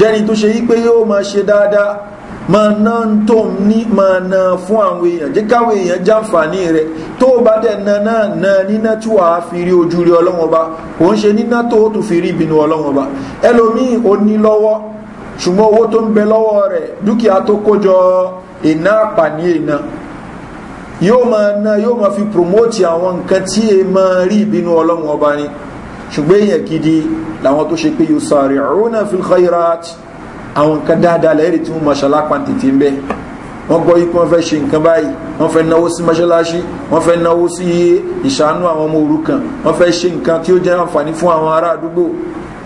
jẹni tó ṣe yí pé yóò máa ṣe dáadáa máa ná tó ń ní máa na fún àwọn èèyàn jẹ́ káwọn èèyàn jàǹfààní rẹ̀ tó bá dẹ̀ na náà na níná tí wàá fi rí ojú rí ọlọ́wọ́n ba òun ṣe níná tó tún fi rí ìbínú ọlọ́wọ́n ba ẹlòmíì ó ní lọ́wọ́ ṣùgbọ́n owó tó ń bẹ lọ́wọ́ rẹ̀ dúkìá tó kójọ ìná àpàní ìná yóò máa ná yóò máa fi promote àwọn nǹkan tí e máa rí ìbínú ọlọ́run ọba ni ṣùgbọ́n èèyàn gidi làwọn tó ṣe pé yóò sáré ọ̀rọ̀nà fil khairat àwọn nǹkan dáadáa lẹ́rìí tí wọ́n máa ṣalápa tètè ń bẹ́ wọ́n gbọ́ yí pé wọ́n fẹ́ ṣe nǹkan báyìí wọ́n fẹ́ náwó sí mọ́ṣáláṣí wọ́n fẹ́ náwó sí ìṣàánú àwọn ọmọ òrukàn wọ́n fẹ́ ṣe nǹkan tí ó jẹ́ àǹfààní fún àwọn ará àdúgbò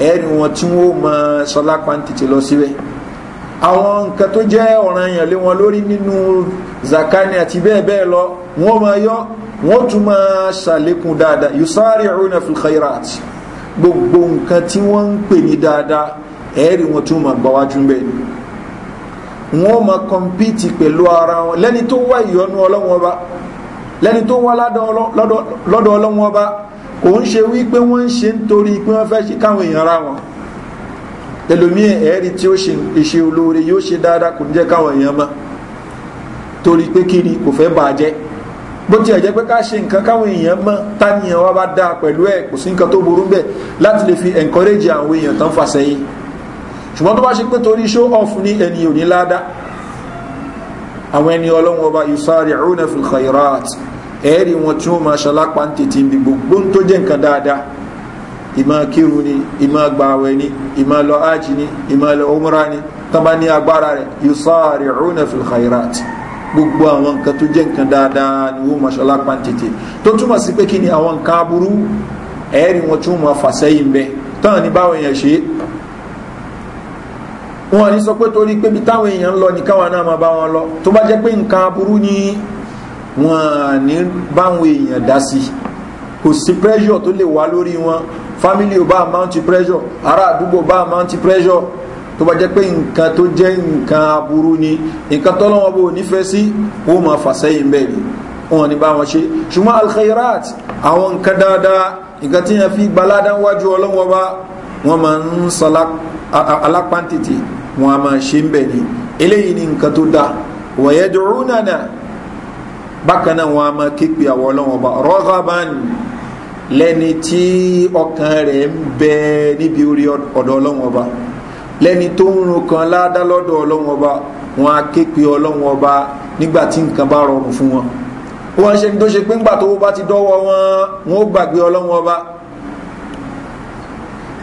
ẹ̀rí wọn tí wọ́n máa ṣalápa tètè lọ síbẹ̀ àwọn nǹkan tó jẹ́ ọ̀ràn èèyàn lé wọn lórí nínú zakani àti bẹ́ẹ̀ bẹ́ẹ̀ lọ wọ́n máa yọ́ wọ́n tún máa ṣàlékún dáadáa yusari aruna fil khairat gbogbo nǹkan tí wọ́n ń pè ní dáadáa ẹ̀ẹ́rì wọn tún máa gbáwájú bẹ́ẹ̀ ni wọ́n ma kọmpíìtì pẹ̀lú ara wọn lẹ́ni tó wá ìyọnu ọlọ́wọ́n ọba lẹ́ni tó wá lọ́dọ̀ ọlọ́wọ́n ọba ẹlòmí ẹ̀ẹ́rì tí ó ṣe ìṣe olóore yóò ṣe dáadáa kò ní jẹ́ káwọn èèyàn mọ́ torí pé kiri kò fẹ́ bàjẹ́ bó tiẹ̀ jẹ́ pé ká ṣe nǹkan káwọn èèyàn mọ́ táníyàn wá bá dáa pẹ̀lú ẹ̀ kò sí nǹkan tó burú bẹ́ẹ̀ láti lè fi encourage àwọn èèyàn tán fà sẹ́yìn ṣùgbọ́n tó bá ṣe pé torí show off ní ẹni ò ní àwọn ẹni ọlọ́run ọba yusari una fi khairat ẹ̀ẹ́rì wọn tí wọ́n máa ṣalápa ń tètè ń bi gbogbo tó jẹ́ nǹkan dáadáa ìmọ̀ kírù ni ìmọ̀ gbàwẹ̀ ni ìmọ̀ lọ ájì ni ìmọ̀ lọ umra ni tọ́ba ní agbára rẹ̀ yusari'una fil khairat gbogbo àwọn nǹkan tó jẹ́ nǹkan dáadáa ni wọ́n mọ̀ṣọ́lá pàǹtẹ̀tẹ̀ tó túmọ̀ sí pé kí ni àwọn nǹkan aburú ẹ̀ẹ́rì wọn tún mọ̀ fàṣẹ́yìn bẹ́ẹ̀ tán ní báwọn èèyàn ṣe wọn ní sọ pé torí pé bí táwọn èèyàn lọ ní káwọn náà máa bá wọn lọ tó bá jẹ́ pé nǹkan aburú ni wọn ní báwọn èèyàn dá sí i kò sí pressure tó lè wá lórí wọn family ò bá mount pressure ará àdúgbò bá mount pressure tó bá jẹ́ pé nǹkan tó jẹ́ nǹkan aburú ni nǹkan tọ́lọ́wọ́n bò nífẹ̀ẹ́ sí wọ́n máa fà sẹ́yìn bẹ́ẹ̀ ni wọn ni bá wọn ṣe ṣùgbọ́n alkhairat àwọn nǹkan dáadáa nǹkan tí yẹn fi gbalada wájú ọlọ́wọ́ bá wọn máa ń sọ alápántìtì wọn a máa ṣe ń bẹ̀ ni eléyìí ni nǹkan tó dáa wọ̀nyẹ́ dùrú nànà bákan náà wọn máa képe àwọn ọlọ́wọ́ bá rọ́gàbáni lẹ́ni tí ọkàn rẹ̀ ń bẹ níbi orí ọ̀dọ̀ ọlọ́run ọba lẹ́ni tó ń run kan ládá lọ́dọ̀ ọlọ́run ọba wọn á ké pe ọlọ́run ọba nígbà tí nǹkan bá rọrùn fún wọn wọn ṣe ní tó ṣe pé ńgbà tó bá ti dọ́wọ́ wọn wọn ó gbàgbé ọlọ́run ọba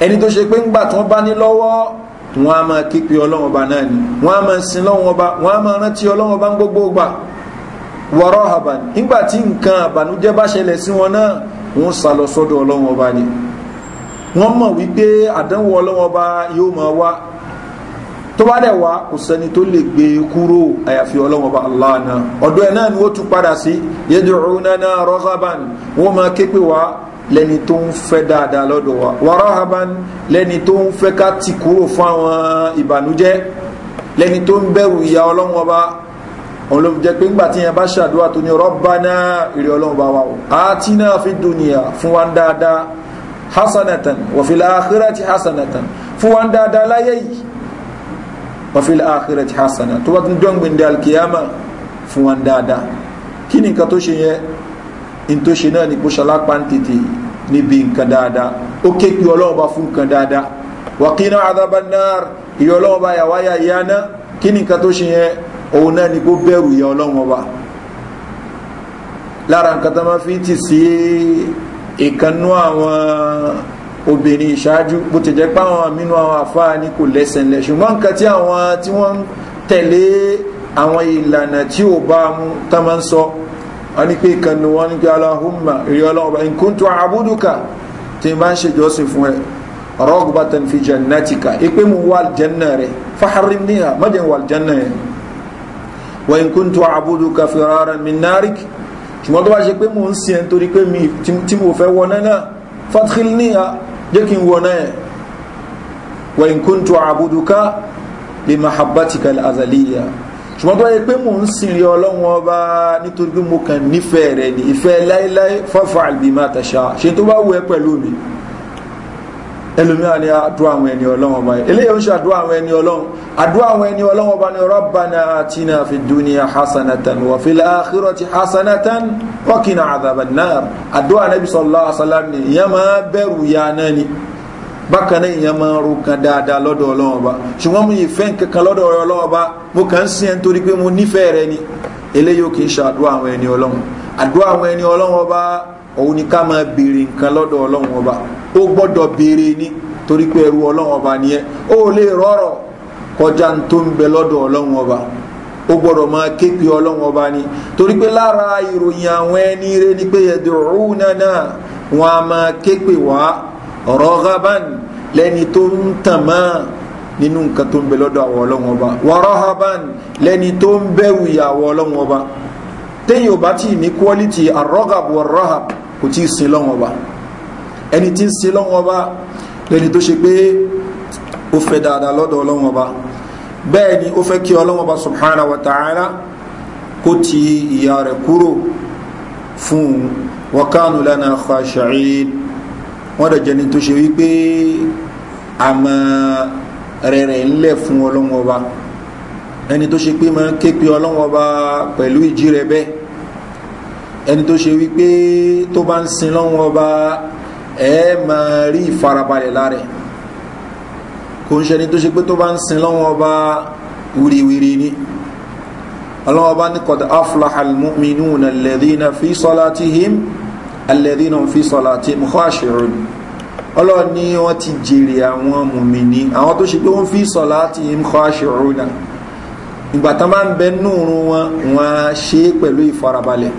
ẹni tó ṣe pé ńgbà tí wọ́n bá ní lọ́wọ́ wọn a máa ké pe ọba náà ni wọn a máa sin lọ́wọ́n ọba wọn a máa rántí ọlọ́run ọba ń gbogbo gbà wọ́rọ́ àbà nígbà tí nǹkan àbànújẹ́ bá ṣẹlẹ̀ sí wọn náà wọ́n sá lọ sọ́dọ̀ ọlọ́wọ́n ọba ni wọ́n mọ̀ wípé àdánwò ọlọ́wọ́n ọba yóò máa wá tó bá dẹ̀ wá kò sẹ́ni tó lè gbé e kúrò àyàfi ọlọ́wọ́n ọba allah náà ọ̀dọ̀ ẹ̀ náà ni ó tún padà sí yad'unana raghaban wọ́n máa ké wá lẹni tó ń fẹ́ dáadáa lọ́dọ̀ wa warahaban lẹni tó ń fẹ́ ká ti kúrò fún ìbànújẹ́ lẹni tó ń bẹ̀rù ìyá ọlọ́wọ́n ọba òun ló jẹ́ pé ńgbà tí yẹn bá ṣàdúrà tó ní rọ́bánà ìrẹ́ ọlọ́run bá wa o àti náà fi dùnìyà fún wa ń dáadáa hasanatan wọ̀fìlà àkírẹ́tì hasanatan fún wa dáadáa láyé yìí wọ̀fìlà àkírẹ́tì hasanatan tó bá tún dọ́ngbìn dé alkiyama fún wa dáadáa kí ni nǹkan tó ṣe yẹn in tó ṣe náà ni kó ṣalápá ń tètè níbi nǹkan dáadáa ó ké pe ọlọ́run bá fún nǹkan dáadáa wàkínà àdàbà náà ọlọ́run bá yà wáyà ìyá kí ni nǹkan tó ṣe yẹn òun náà ni kó bẹ̀rù ìyá ọlọ́run ọba lára nǹkan tó máa fi tì sí ìkànnú àwọn obìnrin ìṣáájú bó ti jẹ́ pé àwọn àmínú àwọn àfáà ní kò lẹ́sẹ̀ńlẹ̀ ṣùgbọ́n nǹkan tí àwọn tí wọ́n ń tẹ̀lé àwọn ìlànà tí ò bá mú tán máa ń sọ wọ́n ní pé ìkànnú wọn ní pé aláhùnmá ìrí ọlọ́run ọba nǹkan tó àbúdùkà tí n bá ń ṣèjọ́sìn fún ẹ rọ́gbàtàn fi jẹ̀ náà ti kà wà jẹ́ rẹ̀ fáhárí níhà wà jẹ́ rẹ̀ wa in kuntu abuduka firaran min narik ṣùgbọ́n tó bá ṣe pé mò ń sin ẹ̀ nítorí pé mi tí mo fẹ́ wọná náà fathil níyà jẹ́ kí n wọná ẹ̀ wa in kuntu abuduka li mahabbatika al-azaliya ṣùgbọ́n tó bá ṣe pé mò ń sin rí ọlọ́run ọba nítorí pé mo kàn nífẹ̀ẹ́ rẹ̀ ní ìfẹ́ láíláí faf'al bima tasha ṣe tó bá wù ẹ́ pẹ̀lú mi ẹlòmíràn ni àdúrà àwọn ẹni ọlọ́wọ́n ọba eléyìí ń ṣe àdúrà àwọn ẹni ọlọ́wọ́n àdúrà àwọn ẹni ọlọ́wọ́n ọba ni rabbana atina fi dunya hasanatan wa fil akhirati hasanatan wa qina adhaban nar àdúrà Ànábì sallallahu alaihi wasallam ni ìyẹn máa bẹ̀rù ya náà ni bákan náà ìyẹn máa ń ro kan dáadáa lọ́dọ̀ ọlọ́wọ́n ọba ṣùgbọ́n mo yìí fẹ́ kankan lọ́dọ̀ ọlọ́wọ́n ọba mo kàn ń sìn òun ni ká máa béèrè nǹkan lọ́dọ̀ ọlọ́run ọba ó gbọ́dọ̀ béèrè ní torí pé ẹrú ọlọ́run ọba nìyẹn ó lè rọrọ̀ kọjá tó lọ́dọ̀ ọlọ́run ọba ó gbọ́dọ̀ máa ni torí pé lára ìròyìn àwọn ẹni rẹ ni pé wọn a máa wá ọ̀rọ̀ gaban lẹ́ni tó ń tàn kò tí ì sin lọ́wọ́n ọba ẹni tí ń sin lọ́wọ́n ọba lẹ́ni tó ṣe pé ó fẹ́ dáadáa lọ́dọ̀ ọlọ́wọ́n ọba bẹ́ẹ̀ ni ó fẹ́ kí ọlọ́wọ́n ọba subhana wa ta'ala kó ti ìyá rẹ̀ kúrò fún wakanu lana khashi'in wọ́n dẹ̀ jẹni tó ṣe wípé àmọ́ rẹ̀rẹ̀ ńlẹ̀ fún ọlọ́wọ́n ọba ẹni tó ṣe pé máa ń ké pe ọlọ́wọ́n ọba pẹ̀lú ìjírẹ̀ bẹ́ẹ̀ ẹni tó ṣe wípé tó bá ń sin lọ́wọ́ ọba ẹ máa rí ìfarabalẹ̀ lára kò ń ṣe ẹni tó ṣe pé tó bá ń sin lọ́wọ́ ọba wìrìwìrì ni ọlọ́wọ́ ọba ní kọ̀dọ̀ aflahalmuminu na lẹ́dínà fi sọ́lá tí him alẹ́dínà fi sọ́lá tí m kọ́ àṣírò ọlọ́ọ̀ ni wọ́n ti jèrè àwọn mùmìnì àwọn tó ṣe pé wọ́n fi sọ́lá tí him kọ́ àṣírò náà ìgbà tán bá ń bẹ núurun wọn wọn ṣe é pẹ̀lú ìfarabalẹ̀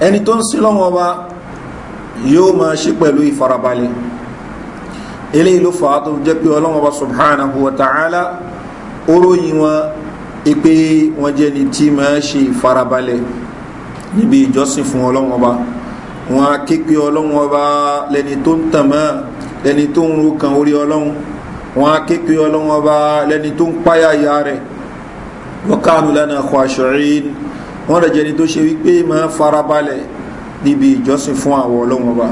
ẹni tó ń sin lọ́wọ́ wa yóò máa ṣe pẹ̀lú ìfarabalẹ̀ eléyìí ló fà á tó jẹ́ pé ọlọ́wọ́ wa subhanahu wa ta'ala oróyìn wọn ipe wọn jẹ́ ni tí máa ṣe ìfarabalẹ̀ níbi ìjọsìn fún ọlọ́wọ́ wa wọn á ọlọ́wọ́ wa lẹni tó ń tàn lẹni tó ń ro kan orí ọlọ́wọ́ wọn á ọlọ́wọ́ wa lẹni tó ń páyà ìyá rẹ̀ wọ́n kánú lánàá kọ́ àṣọ wọ́n rẹ̀ jẹni tó ṣe wípé ma ń farabalẹ̀ níbi ìjọsìn fún àwọn ọlọ́wọ́n ọba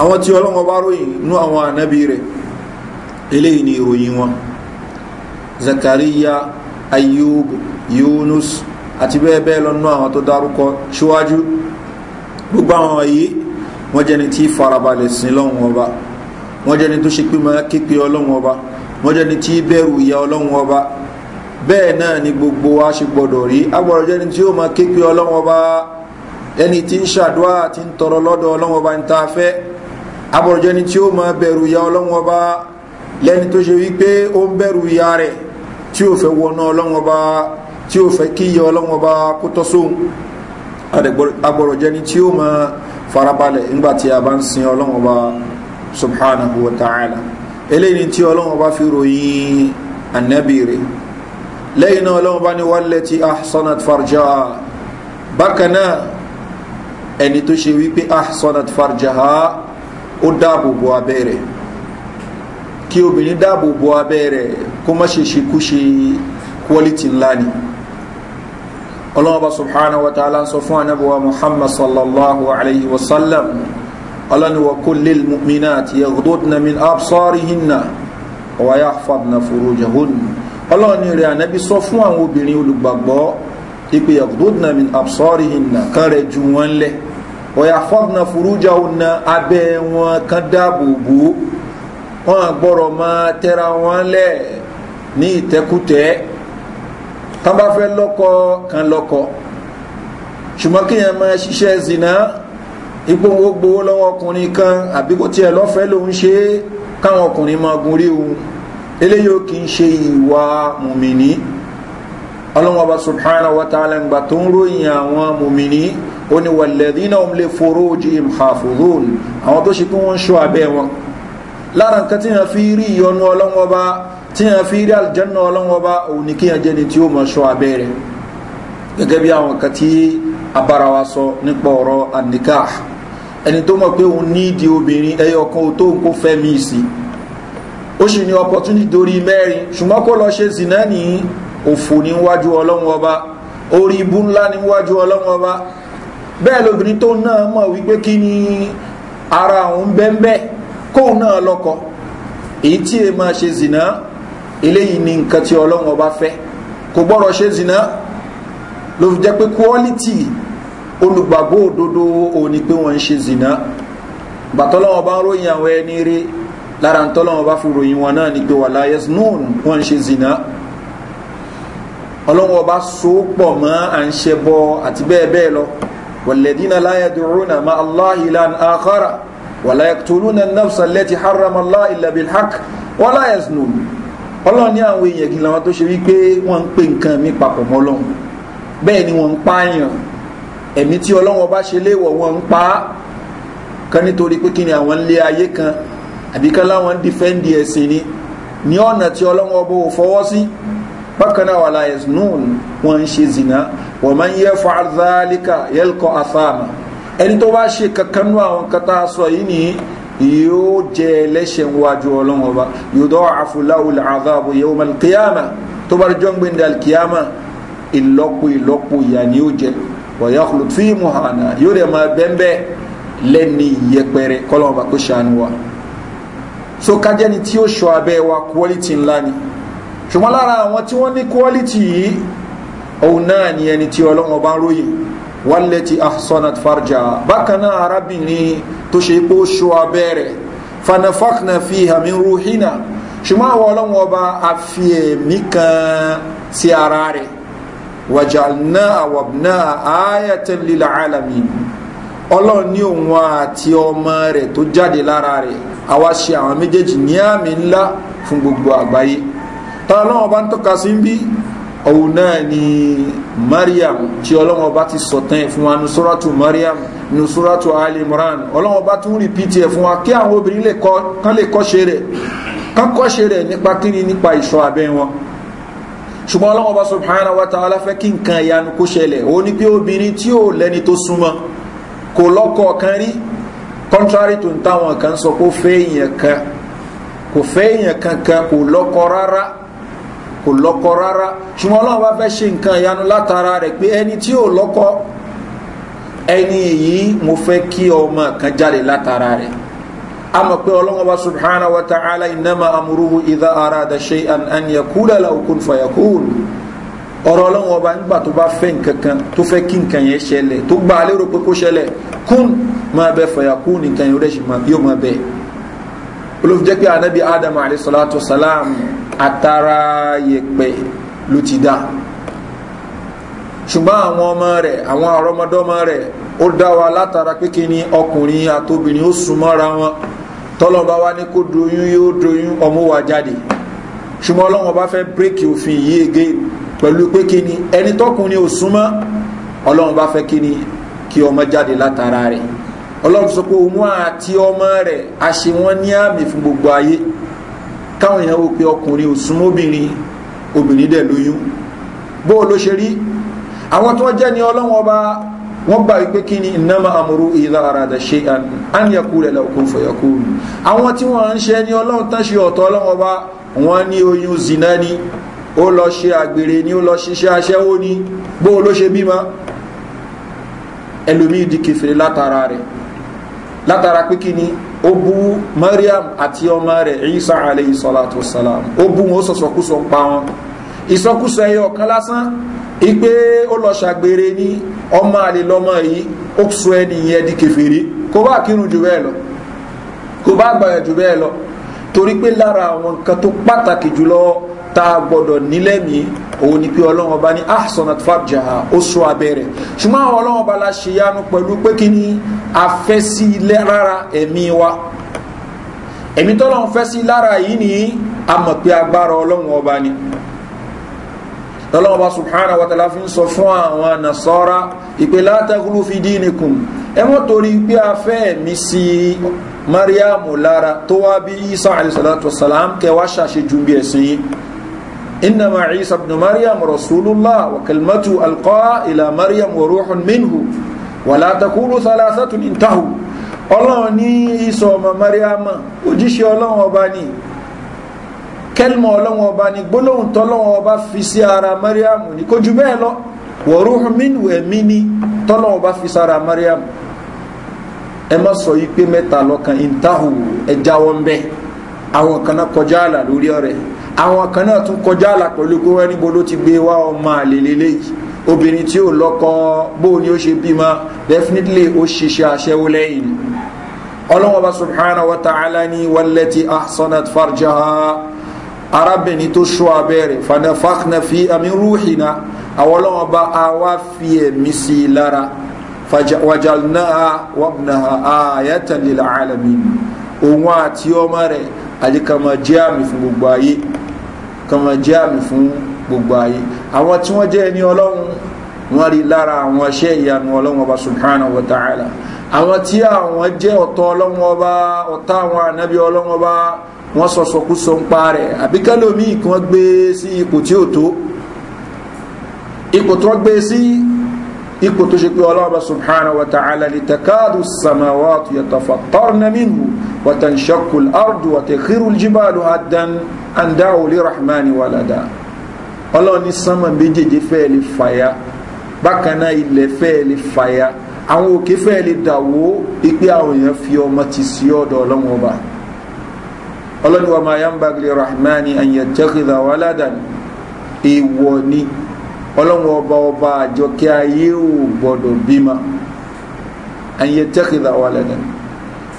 àwọn tí ọlọ́wọ́n ọba ròyìn nú àwọn ànábì rẹ̀ eléyìí ni ìròyìn wọn zakariya ayub yunus àti bẹ́ẹ̀ bẹ́ẹ̀ lọ nú àwọn tó dárúkọ síwájú gbogbo àwọn yìí wọ́n jẹni tí farabalẹ̀ sin lọ́wọ́n ọba wọ́n jẹni tó ṣe pé ma képe ọlọ́wọ́n ọba wọ́n jẹni tí bẹ̀rù bẹ́ẹ̀ náà ni gbogbo wa ṣe gbọ́dọ̀ rí agbọ̀rọ̀ jẹ́ ni tí ó máa képe ọlọ́wọ́ bá ẹni tí ń ṣàdúrà tí ń tọrọ lọ́dọ̀ ọlọ́wọ́ bá ń ta fẹ́ agbọ̀rọ̀ jẹ́ ni tí ó máa bẹ̀rù ya ọlọ́wọ́ bá lẹ́ni tó ṣe wípé ó ń bẹ̀rù ya rẹ̀ tí ó fẹ́ wọná ọlọ́wọ́ bá tí ó fẹ́ kí ọlọ́wọ́ bá kó tọ́ sóhun agbọ̀rọ̀ jẹ́ ni tí ó máa farabalẹ̀ nígbà tí a bá ń sin ọlọ́wọ́ bá subhanahu wa ta'ala eléyìí ni tí ọlọ́wọ́ bá fi ròyìn annabi rẹ̀ lẹ́yìn náà ọlọ́run bá ní wallati ahsanat farjaha bákan náà ẹni tó ṣe wípé ahsanat farjaha ó dáàbò bo abẹ́ rẹ̀ kí obìnrin dáàbò bo abẹ́ rẹ̀ kó má ṣe ṣe kú ṣe quality ńlá ni ọlọ́run bá subhanahu wa ta'ala sọ fún anábọ̀wá muhammad sallallahu alayhi wa sallam ọlọ́ni wa kullil mu'minati yaghdudna min absarihinna wa yahfadna furujahunna ọlọ́ọ̀ni rẹ̀ ànábí sọ fún àwọn obìnrin olùgbàgbọ́ ìpè yaghdudna min absarihinna kan rẹ̀ ju wọn lẹ̀ furuja furujahunna abẹ́ wọn kan dáàbò bò wọn gbọ́rọ̀ máa tẹ́ra wọn lẹ̀ ní ìtẹ́kùtẹ́ tán bá fẹ́ lọ́kọ kan lọ́kọ ṣùgbọ́n kéèyàn máa ṣiṣẹ́ zina ipò gbogbo lọ́wọ́ ọkùnrin kan àbíkó tiẹ̀ lọ́fẹ̀ẹ́ lòún ṣe káwọn ọkùnrin máa gun rí òun eléyìí ó kì í ṣe ìwà mùmìnì ọlọ́run ọba subhanahu wa ta'ala ńgbà tó ń ròyìn àwọn mùmìnì ó ní wàlẹ́dínà òun lè foró ojì ìmùhàfùdùn àwọn tó ṣe pé wọ́n ń ṣọ́ abẹ́ wọn lára nǹkan tí wọ́n fi rí ìyọnu ọlọ́run ọba tí wọ́n fi rí àlùjẹ́nà ọlọ́run ọba òun ní kí wọ́n jẹ́ni tí ó mọ̀ ṣọ́ abẹ́ rẹ̀ gẹ́gẹ́ bí àwọn nǹkan tí abára wa sọ nípa ọ̀rọ̀ àníkà ẹni tó mọ̀ pé òun ní ìdí obìnrin ẹyọ kan tó ń kó fẹ́ mí sí i ó sì ní opportunity dorí mẹ́rin ṣùgbọ́n kó lọ ṣe zina ní òfò níwájú ọlọ́run ọba orí ibú ńlá níwájú ọlọ́run ọba bẹ́ẹ̀ lóbìnrin tó náà mọ̀ wípé kí ni ara òun bẹ́ńbẹ́ kóun náà lọ́kọ èyí tí èèmà ṣe zina eléyìí ni nǹkan tí ọlọ́run ọba fẹ́ kò gbọ́rọ̀ ṣe zina ló fi jẹ́ pé quality olùgbàgbọ́ òdodo òní pé wọ́n ń ṣe zina bàtọ́lọ́wọ́ bá ń ròyìn àwọn ẹni rí lára ń tọ́lọ́wọ́n bá fi ròyìn wọn náà ni pé wà láyé snoon wọ́n ń ṣe zina ọlọ́wọ́n bá so pọ̀ mọ́ à ń ṣe bọ́ àti bẹ́ẹ̀ bẹ́ẹ̀ lọ wàlẹ́dínà láyé dùrú nà má aláhi lan àkàrà wàláyé tolú nà nàfsà lẹ́tì haram aláhi labil haq wọ́n láyé snoon ọlọ́run ní àwọn èèyàn kí làwọn tó ṣe wípé wọ́n ń pè nǹkan mi papọ̀ mọ́ ọlọ́run bẹ́ẹ̀ ni wọ́n ń pààyàn ẹ̀mí tí ọlọ́run ọba ṣe léèwọ̀ wọ́n ń pa kan nítorí pé kí ni àwọn ń lé ayé kan àbíká láwọn ń dìfẹ́ǹdì ẹ̀sìn ni ní ọ̀nà tí ọlọ́wọ́ bó fọwọ́ sí bákan náà wà láyé nùn wọ́n ń ṣe zina wọ́n máa ń yẹ fún àdálíkà yẹ́lkọ́ àfáàmà ẹni tó bá ṣe kankan nú àwọn kata sọ yìí ni yóò jẹ ẹlẹ́ṣẹ̀ wájú ọlọ́wọ́ bá yóò dọ́ àfúláwùlẹ̀ àdáàbò yẹ́wò malkiyama tó bá jọ́ gbé ní alkiyama ìlọ́po ìlọ́po ìyà ni yóò jẹ wọ́n yà kúlù fíìmù hànà yóò dẹ̀ máa bẹ́ẹ̀ lẹ́ni yẹpẹrẹ kọ́lọ́wọ́ bá kó ṣàánú wa so kájẹ́ni tí ó ṣọ abẹ́ wa quality ńlá ni ṣùgbọ́n lára àwọn tí wọ́n ní quality yìí òun náà ni ẹni tí ọlọ́run bá ń ròyìn wálẹ̀tì ahsanat farja bákan náà arábìnrin tó ṣe pé ó ṣọ abẹ́ rẹ̀ fanafakna fi hàmí ruhina ṣùgbọ́n àwọn ọlọ́run ọba àfihàn kan sí ara rẹ̀ wàjàlná àwàbná ayatan ọlọ́run ní òun àti ọmọ rẹ̀ tó jáde lára rẹ̀ àwa ṣe àwọn méjèèjì ní àmì ńlá fún gbogbo àgbáyé tá ọlọ́wọ́n bá ń tọ́ka sí ń bí òun náà ni mariam tí ọlọ́wọ́n bá ti sọ̀tàn ẹ̀ fún wa ní sóràtù mariam ní sóràtù alimran ọlọ́wọ́n bá tún rí pt ẹ̀ fún wa kí àwọn obìnrin kan lè kọ́ṣe rẹ̀ kan kọ́ṣe rẹ̀ nípa kíni nípa ìṣọ́ abẹ́ wọn ṣùgbọ́n ọlọ́wọ́n bá subhana wa ta'ala fẹ́ kí nǹkan ìyanu kó ṣẹlẹ̀ ó ní pé obìnrin tí ò lẹ́ni contrary to táwọn kan sọ kó fẹ́ èèyàn kan kò fẹ́ èèyàn kankan kò lọ́kọ rárá kò lọ́kọ rárá ṣùgbọ́n ọlọ́run bá fẹ́ ṣe nǹkan ìyanu látara rẹ̀ pé ẹni tí ò lọ́kọ ẹni yìí mo fẹ́ kí ọmọ kan jáde látara rẹ̀ a mọ̀ ọlọ́run bá subhanahu wa ta'ala innama amruhu idha arada shay'an an yakula lahu kun fayakun ọ̀rọ̀ ọlọ́run ọba nígbà tó bá fẹ́ nǹkan kan tó fẹ́ kí nǹkan yẹn ṣẹlẹ̀ tó gba lérò pé kó ṣẹlẹ̀ kún máa bẹ fàyà kún nǹkan yẹn rẹ́ṣì yóò máa bẹ olófi pé anabi adam alayhisalatu salam atara yẹpẹ ló ti dá ṣùgbọ́n àwọn ọmọ rẹ̀ àwọn àrọmọdọ́mọ rẹ̀ ó dá wa látara pé kí ni ọkùnrin àtobìnrin ó sùn mọ́ra wọn tọ́lọ́ba wa ní kó doyún yóò doyún ọmọ wa jáde ṣùgbọ́n ọlọ́run ọba fẹ́ bírèkì òfin yìí again pẹ̀lú pé kí ni ẹni tọkùnrin ò súnmọ́ ọlọ́run bá fẹ́ kí ni kí ọmọ jáde látara rẹ̀ ọlọ́run sọ pé òun àti ọmọ rẹ̀ a ṣe wọ́n ní àmì fún gbogbo ayé káwọn èèyàn wò pé ọkùnrin ò súnmọ́ obìnrin obìnrin dẹ̀ lóyún bó o ló ṣe rí àwọn tó jẹ́ ni ọlọ́run ọba wọ́n gbà wípé kí ni ìnáma àmúrú ìlà àràdà ṣe àníyàkú rẹ̀ lọ́kùn fọ̀yàkú àwọn tí wọ́n ń ṣe ni ọlọ́run tán ṣe ọ̀tọ̀ ọlọ́run ọba wọ́n ní oyún zina ó lọ ṣe àgbèrè ni ó lọ ṣiṣẹ́ aṣẹ́wó ni bó ló ṣe bímọ ẹlòmíì di kẹfìrí látara rẹ̀ látara pé kí ni ó bú mariam àti ọmọ rẹ̀ isa alayhi salatu salam ó bú wọn ó sọ̀sọ̀kúsọ ń pa wọn ìsọkúsọ ẹyọ ọ̀kan lásán ipe ó lọ ṣàgbèrè ní ọmọ àlè lọmọ yìí ó sọ ẹni yẹn di kẹfìrí kó bá kírun jù bẹ́ẹ̀ lọ kó bá gbàyàn bẹ́ẹ̀ lọ torí pé lára àwọn nǹkan tó pàtàkì jùlọ ta a gbọ́dọ̀ nílẹ̀mí òun ni pé ọlọ́run ọba ní ahsanat farja ó sọ abẹ́rẹ́ ṣùgbọ́n àwọn ọlọ́run ọba la ṣe yánu pẹ̀lú pé kí ni a fẹ́ sí lára ẹ̀mí wa ẹ̀mí tọ́lọ́run fẹ́ lára yìí ni a agbára ọlọ́run ọba ni tọ́lọ́wọ́ bá subhana wa tàlá fi ń sọ fún àwọn nasọ́ra ìpè látàkùlù fi dí nìkùn ẹ mọ́ torí pé a fẹ́ mi sí mariamu lára tó wá bí isa alayhisalatu wasalam kẹwàá ṣàṣejù bí ẹ̀sìn yìí إنما عيسى بن مريم رسول الله وكلمته ألقاها إلى مريم وروح منه ولا تكونوا ثلاثة انتهوا ọlọ́run ní ìsọ ọmọ mariama òjíṣẹ́ ọlọ́run ọba ní kẹlmọ̀ ọlọ́run ọba ní gbólóhùn tọ́lọ́run ọba fi sí ara mariamu ní kò jù bẹ́ẹ̀ lọ wọ̀rúhùn mínú ẹ̀mí ní tọ́lọ́run ọba fi sára mariamu ẹ má sọ yí pé mẹ́ta lọ́kàn ìntahù ẹja wọn bẹ́ àwọn kan náà kọjá àlà lórí ọ̀rẹ́ yìí àwọn kan náà tún kọjá àlà pẹ̀lú pé wọ́n níbo ló ti gbé wá ọmọ àlèlélé yìí obìnrin tí ò lọ́kọ bó ni ó ṣe bímọ definitely ó ṣiṣẹ́ aṣẹ́wó lẹ́yìn ni ọlọ́wọ́n bá subhana wa ta'ala ni wàlẹ́tì ahsanat farjaha arábìnrin tó ṣọ́ abẹ́rẹ́ fanafakna fi àmì rúhìnà àwọn ọlọ́wọ́n bá a wá fi ẹ̀mí sí i lára wàjálnà wàbnà ayatan alamin òun àti ọmọ rẹ̀ àdìkàmọ̀ jẹ́ àmì fún gbogbo ayé kan máa jẹ́ àmì fún gbogbo ayé àwọn tí wọ́n jẹ́ ẹni ọlọ́run wọ́n rí lára àwọn iṣẹ́ ìyanu ọlọ́run ọba subhanahu wa ta'ala àwọn tí àwọn jẹ́ ọ̀tọ̀ ọlọ́run ọba ọ̀tá àwọn ànábì ọlọ́run ọba wọ́n sọ̀sọ̀ kú sọ ń pa rẹ̀ àbí kálómi kí wọ́n gbé sí ipò tí ò tó ipò tí wọ́n gbé sí ipò tó ṣe pé ọlọ́ọ̀bá subhanahu wa ta'ala li takadu samawati yatafattarna minhu wa tanshaqqu al-ardu wa takhiru al-jibalu haddan an da'u lirrahmani walada ọlọ́ọ̀ ní sánmà méjèèjì fẹ́ẹ̀ lè fàya bákan náà ilẹ̀ fẹ́ẹ̀ lè fàya àwọn òkè fẹ́ẹ̀ lè ipe àwọn èèyàn fi ọmọ ti sí ọ̀dọ̀ ọlọ́wọ́n ọba ọlọ́ni wa ma yanbaghi lirrahmani an yattakhidha waladan ìwọ ni ọlọ́run ọba ọba àjọkẹ́ ayé ò gbọ́dọ̀ bímọ ẹ̀yẹ tẹ́kìdá wà lẹ́dẹ̀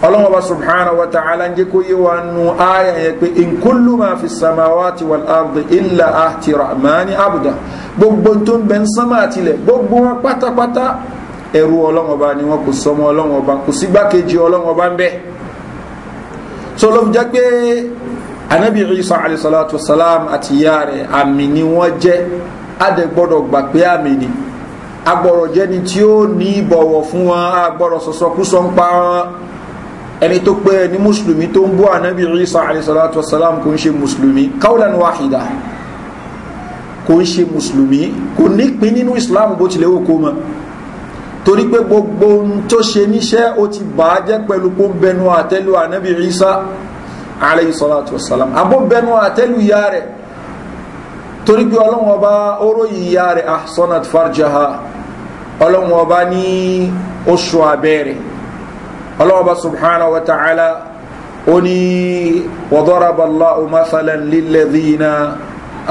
ọlọ́run ọba subhanahu wa ta'ala ń jẹ́ kó yé wa nu ayé yẹn pé nkúlù máa fi samawati wal ardi illa ahti rahmani abda gbogbo tó ń bẹ ń sánmà àtìlẹ̀ gbogbo wọn pátápátá ẹrú ọlọ́run ọba ni wọn kò sọmọ ọlọ́run ọba kò sígbákejì ọlọ́run ọba ń bẹ so ló fi jẹ́ pé anabi isa alayhi salatu wa salam àti ìyá rẹ̀ àmì ni wọ́n jẹ́ adẹ gbọ́dọ̀ gbà pé àmì ni agbọ̀rọ̀ jẹ́ni tí ó ní ìbọ̀wọ̀ fún wọn agbọ̀rọ̀ sọ̀sọ̀kúsọ ń pa wọn ẹni tó pé ní mùsùlùmí tó ń bú ànábì Isa alayhisalatu wasalam kò ń ṣe mùsùlùmí kaulan wahida kò ń ṣe mùsùlùmí kò nípin nínú islam bó tilẹ̀ wò kó mọ́ torí pé gbogbo ohun tó ṣe níṣẹ́ ó ti bà jẹ́ pẹ̀lú kó bẹnu àtẹ́lu ànábì Isa alayhisalatu wasalam àbó bẹnu àtẹ́lu ìyá rẹ̀ torí pé ọlọ́wọ́n ọba oró ìyá rẹ̀ ahsanat farjaha ọlọ́wọ́n ọba ní oṣù abẹ́rẹ́ ọlọ́wọ́n ọba subhanahu wa ta'ala ó ní wàdọ́rọ̀bà allahu masalan lilladhina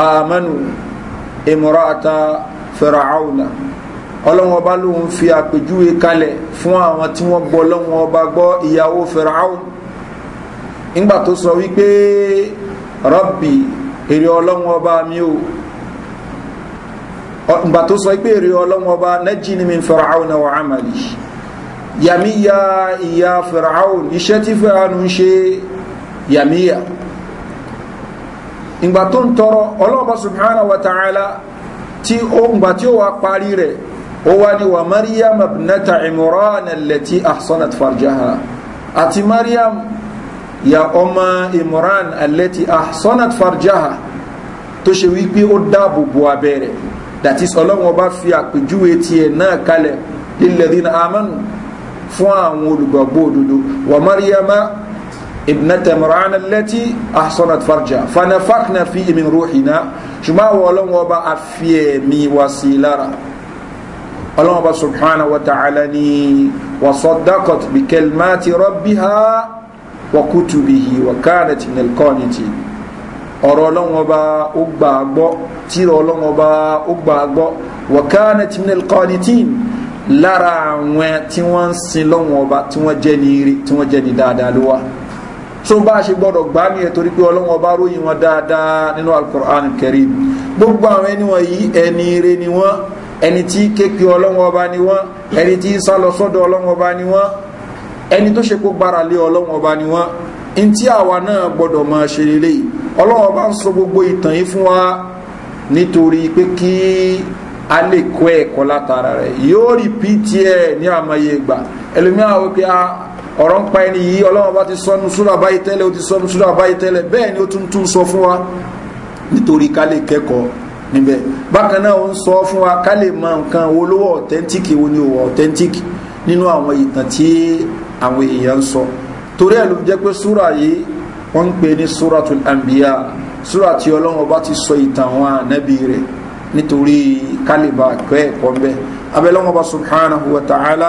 amanu imra'ata fir'auna ọlọ́wọ́n ọba ló ń fi àpèjúwe kalẹ̀ fún àwọn tí wọ́n gbọ́ ọlọ́wọ́n ọba gbọ́ ìyàwó fir'aun nígbà tó sọ wípé rabbi èrè ọlọ́run ọba mi o ìgbà tó sọ pé èrè ọlọ́run ọba nẹ́jì ni mi fẹ̀ràún náà wà á màlì yàmíyà ìyá fẹ̀ràún iṣẹ́ tí fẹ̀ràún ń ṣe yàmíyà ìgbà tó ń tọrọ ọlọ́ọ̀bá subhana wa ta'ala tí ó ìgbà tí ó wà parí rẹ̀ ó wá ní wa maryam abinata imran alẹ́tí ahsanat farjaha àti maryam ìyá ọmọ imran alẹ́tì ahsanat farjaha tó ṣe wípé ó dáàbò bo abẹ́rẹ̀ that is ọlọ́run ọba fi àpèjúwe tiẹ̀ náà kalẹ̀ lilladhina amanu fún àwọn olùgbàgbọ́ òdodo wa maryama ibnata imran alẹ́tì ahsanat farjaha fanafakna fi min ruhina ṣùgbọ́n àwọn ọlọ́run ọba àfihẹ̀mí wá sí lára ọlọ́run ọba subhanahu wa ta'ala ni wa saddaqat bi kalimati rabbiha wa kutubihi wa kanat minal qanitin ọ̀rọ̀ ọlọ́wọ́n bá ó gbà á gbọ́ tírà ọlọ́wọ́n bá ó gbà á gbọ́ wa kanat minal qanitin lára àwọn tí wọ́n ń sin lọ́wọ́n ọba tí wọ́n jẹ́ ní ire tí wọ́n jẹ́ ní dáadáa ló torí pé ọlọ́wọ́n ọba ròyìn wọn dáadáa nínú al gbogbo àwọn ẹni wọ̀nyí ẹni ire ni wọ́n ẹni tí kékeré ọlọ́wọ́n ọba ni wọ́n ẹni tí sálọ sọ́dọ̀ ọlọ́wọ́n ọba ni wọ́n ẹni tó ṣe kó gbára lé ọlọ́run ọba ni wọ́n in tí àwa náà gbọ́dọ̀ máa ṣe lélẹ̀ yìí ọlọ́run ń sọ gbogbo ìtàn yìí fún wa nítorí pé kí a lè kọ́ ẹ̀kọ́ látara rẹ̀ yóò rí pìtì ẹ̀ ní àmọye ìgbà ẹlòmíràn àwọn pé ah, ọ̀rọ̀ ń pa ẹni yìí ọlọ́run ọba ti sọnu súra báyìí tẹ́lẹ̀ ó ti sọnu súra báyìí tẹ́lẹ̀ bẹ́ẹ̀ ni ó tún tún sọ fún wa nítorí ká lè kẹ́kọ̀ọ́ níbẹ̀ bákan náà ó ń sọ fún wa ká lè mọ nǹkan olówó authentic wo ni òwò authentic nínú àwọn ìtàn tí àwọn èèyàn sọ torí ẹ̀ ló jẹ́ pé súra yìí wọ́n ń pè ní súratul anbiya súra tí ọlọ́run ọba ti sọ ìtàn àwọn ànábì rẹ̀ nítorí kálíbà kọ́ ẹ̀kọ́ ń bẹ́ abẹ́lẹ́wọ̀n ọba subhanahu wa ta'ala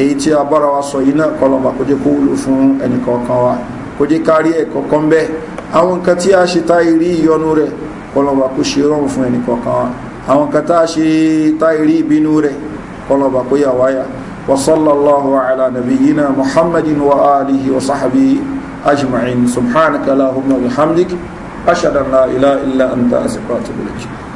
èyí tí a wa sọ yìí náà kọlọ̀ba kó jẹ́ kó wúlò fún ẹnìkọ̀ọ̀kan wa kó jẹ́ kárí ẹ̀kọ̀ọ̀kan ń bẹ́ àwọn nǹkan tí a ṣe táìrí ìyọnu rẹ̀ kọlọ̀ba kó ṣe rọrùn fún ẹnìkọ̀ọ̀kan wa àwọn nǹkan tá a ṣe táìrí ìbínú rẹ̀ kọlọ̀ba kó yà wáyà وصلى الله على نبينا محمد وآله وصحبه أجمعين سبحانك اللهم وبحمدك أشهد أن لا إله إلا أنت أستغفرك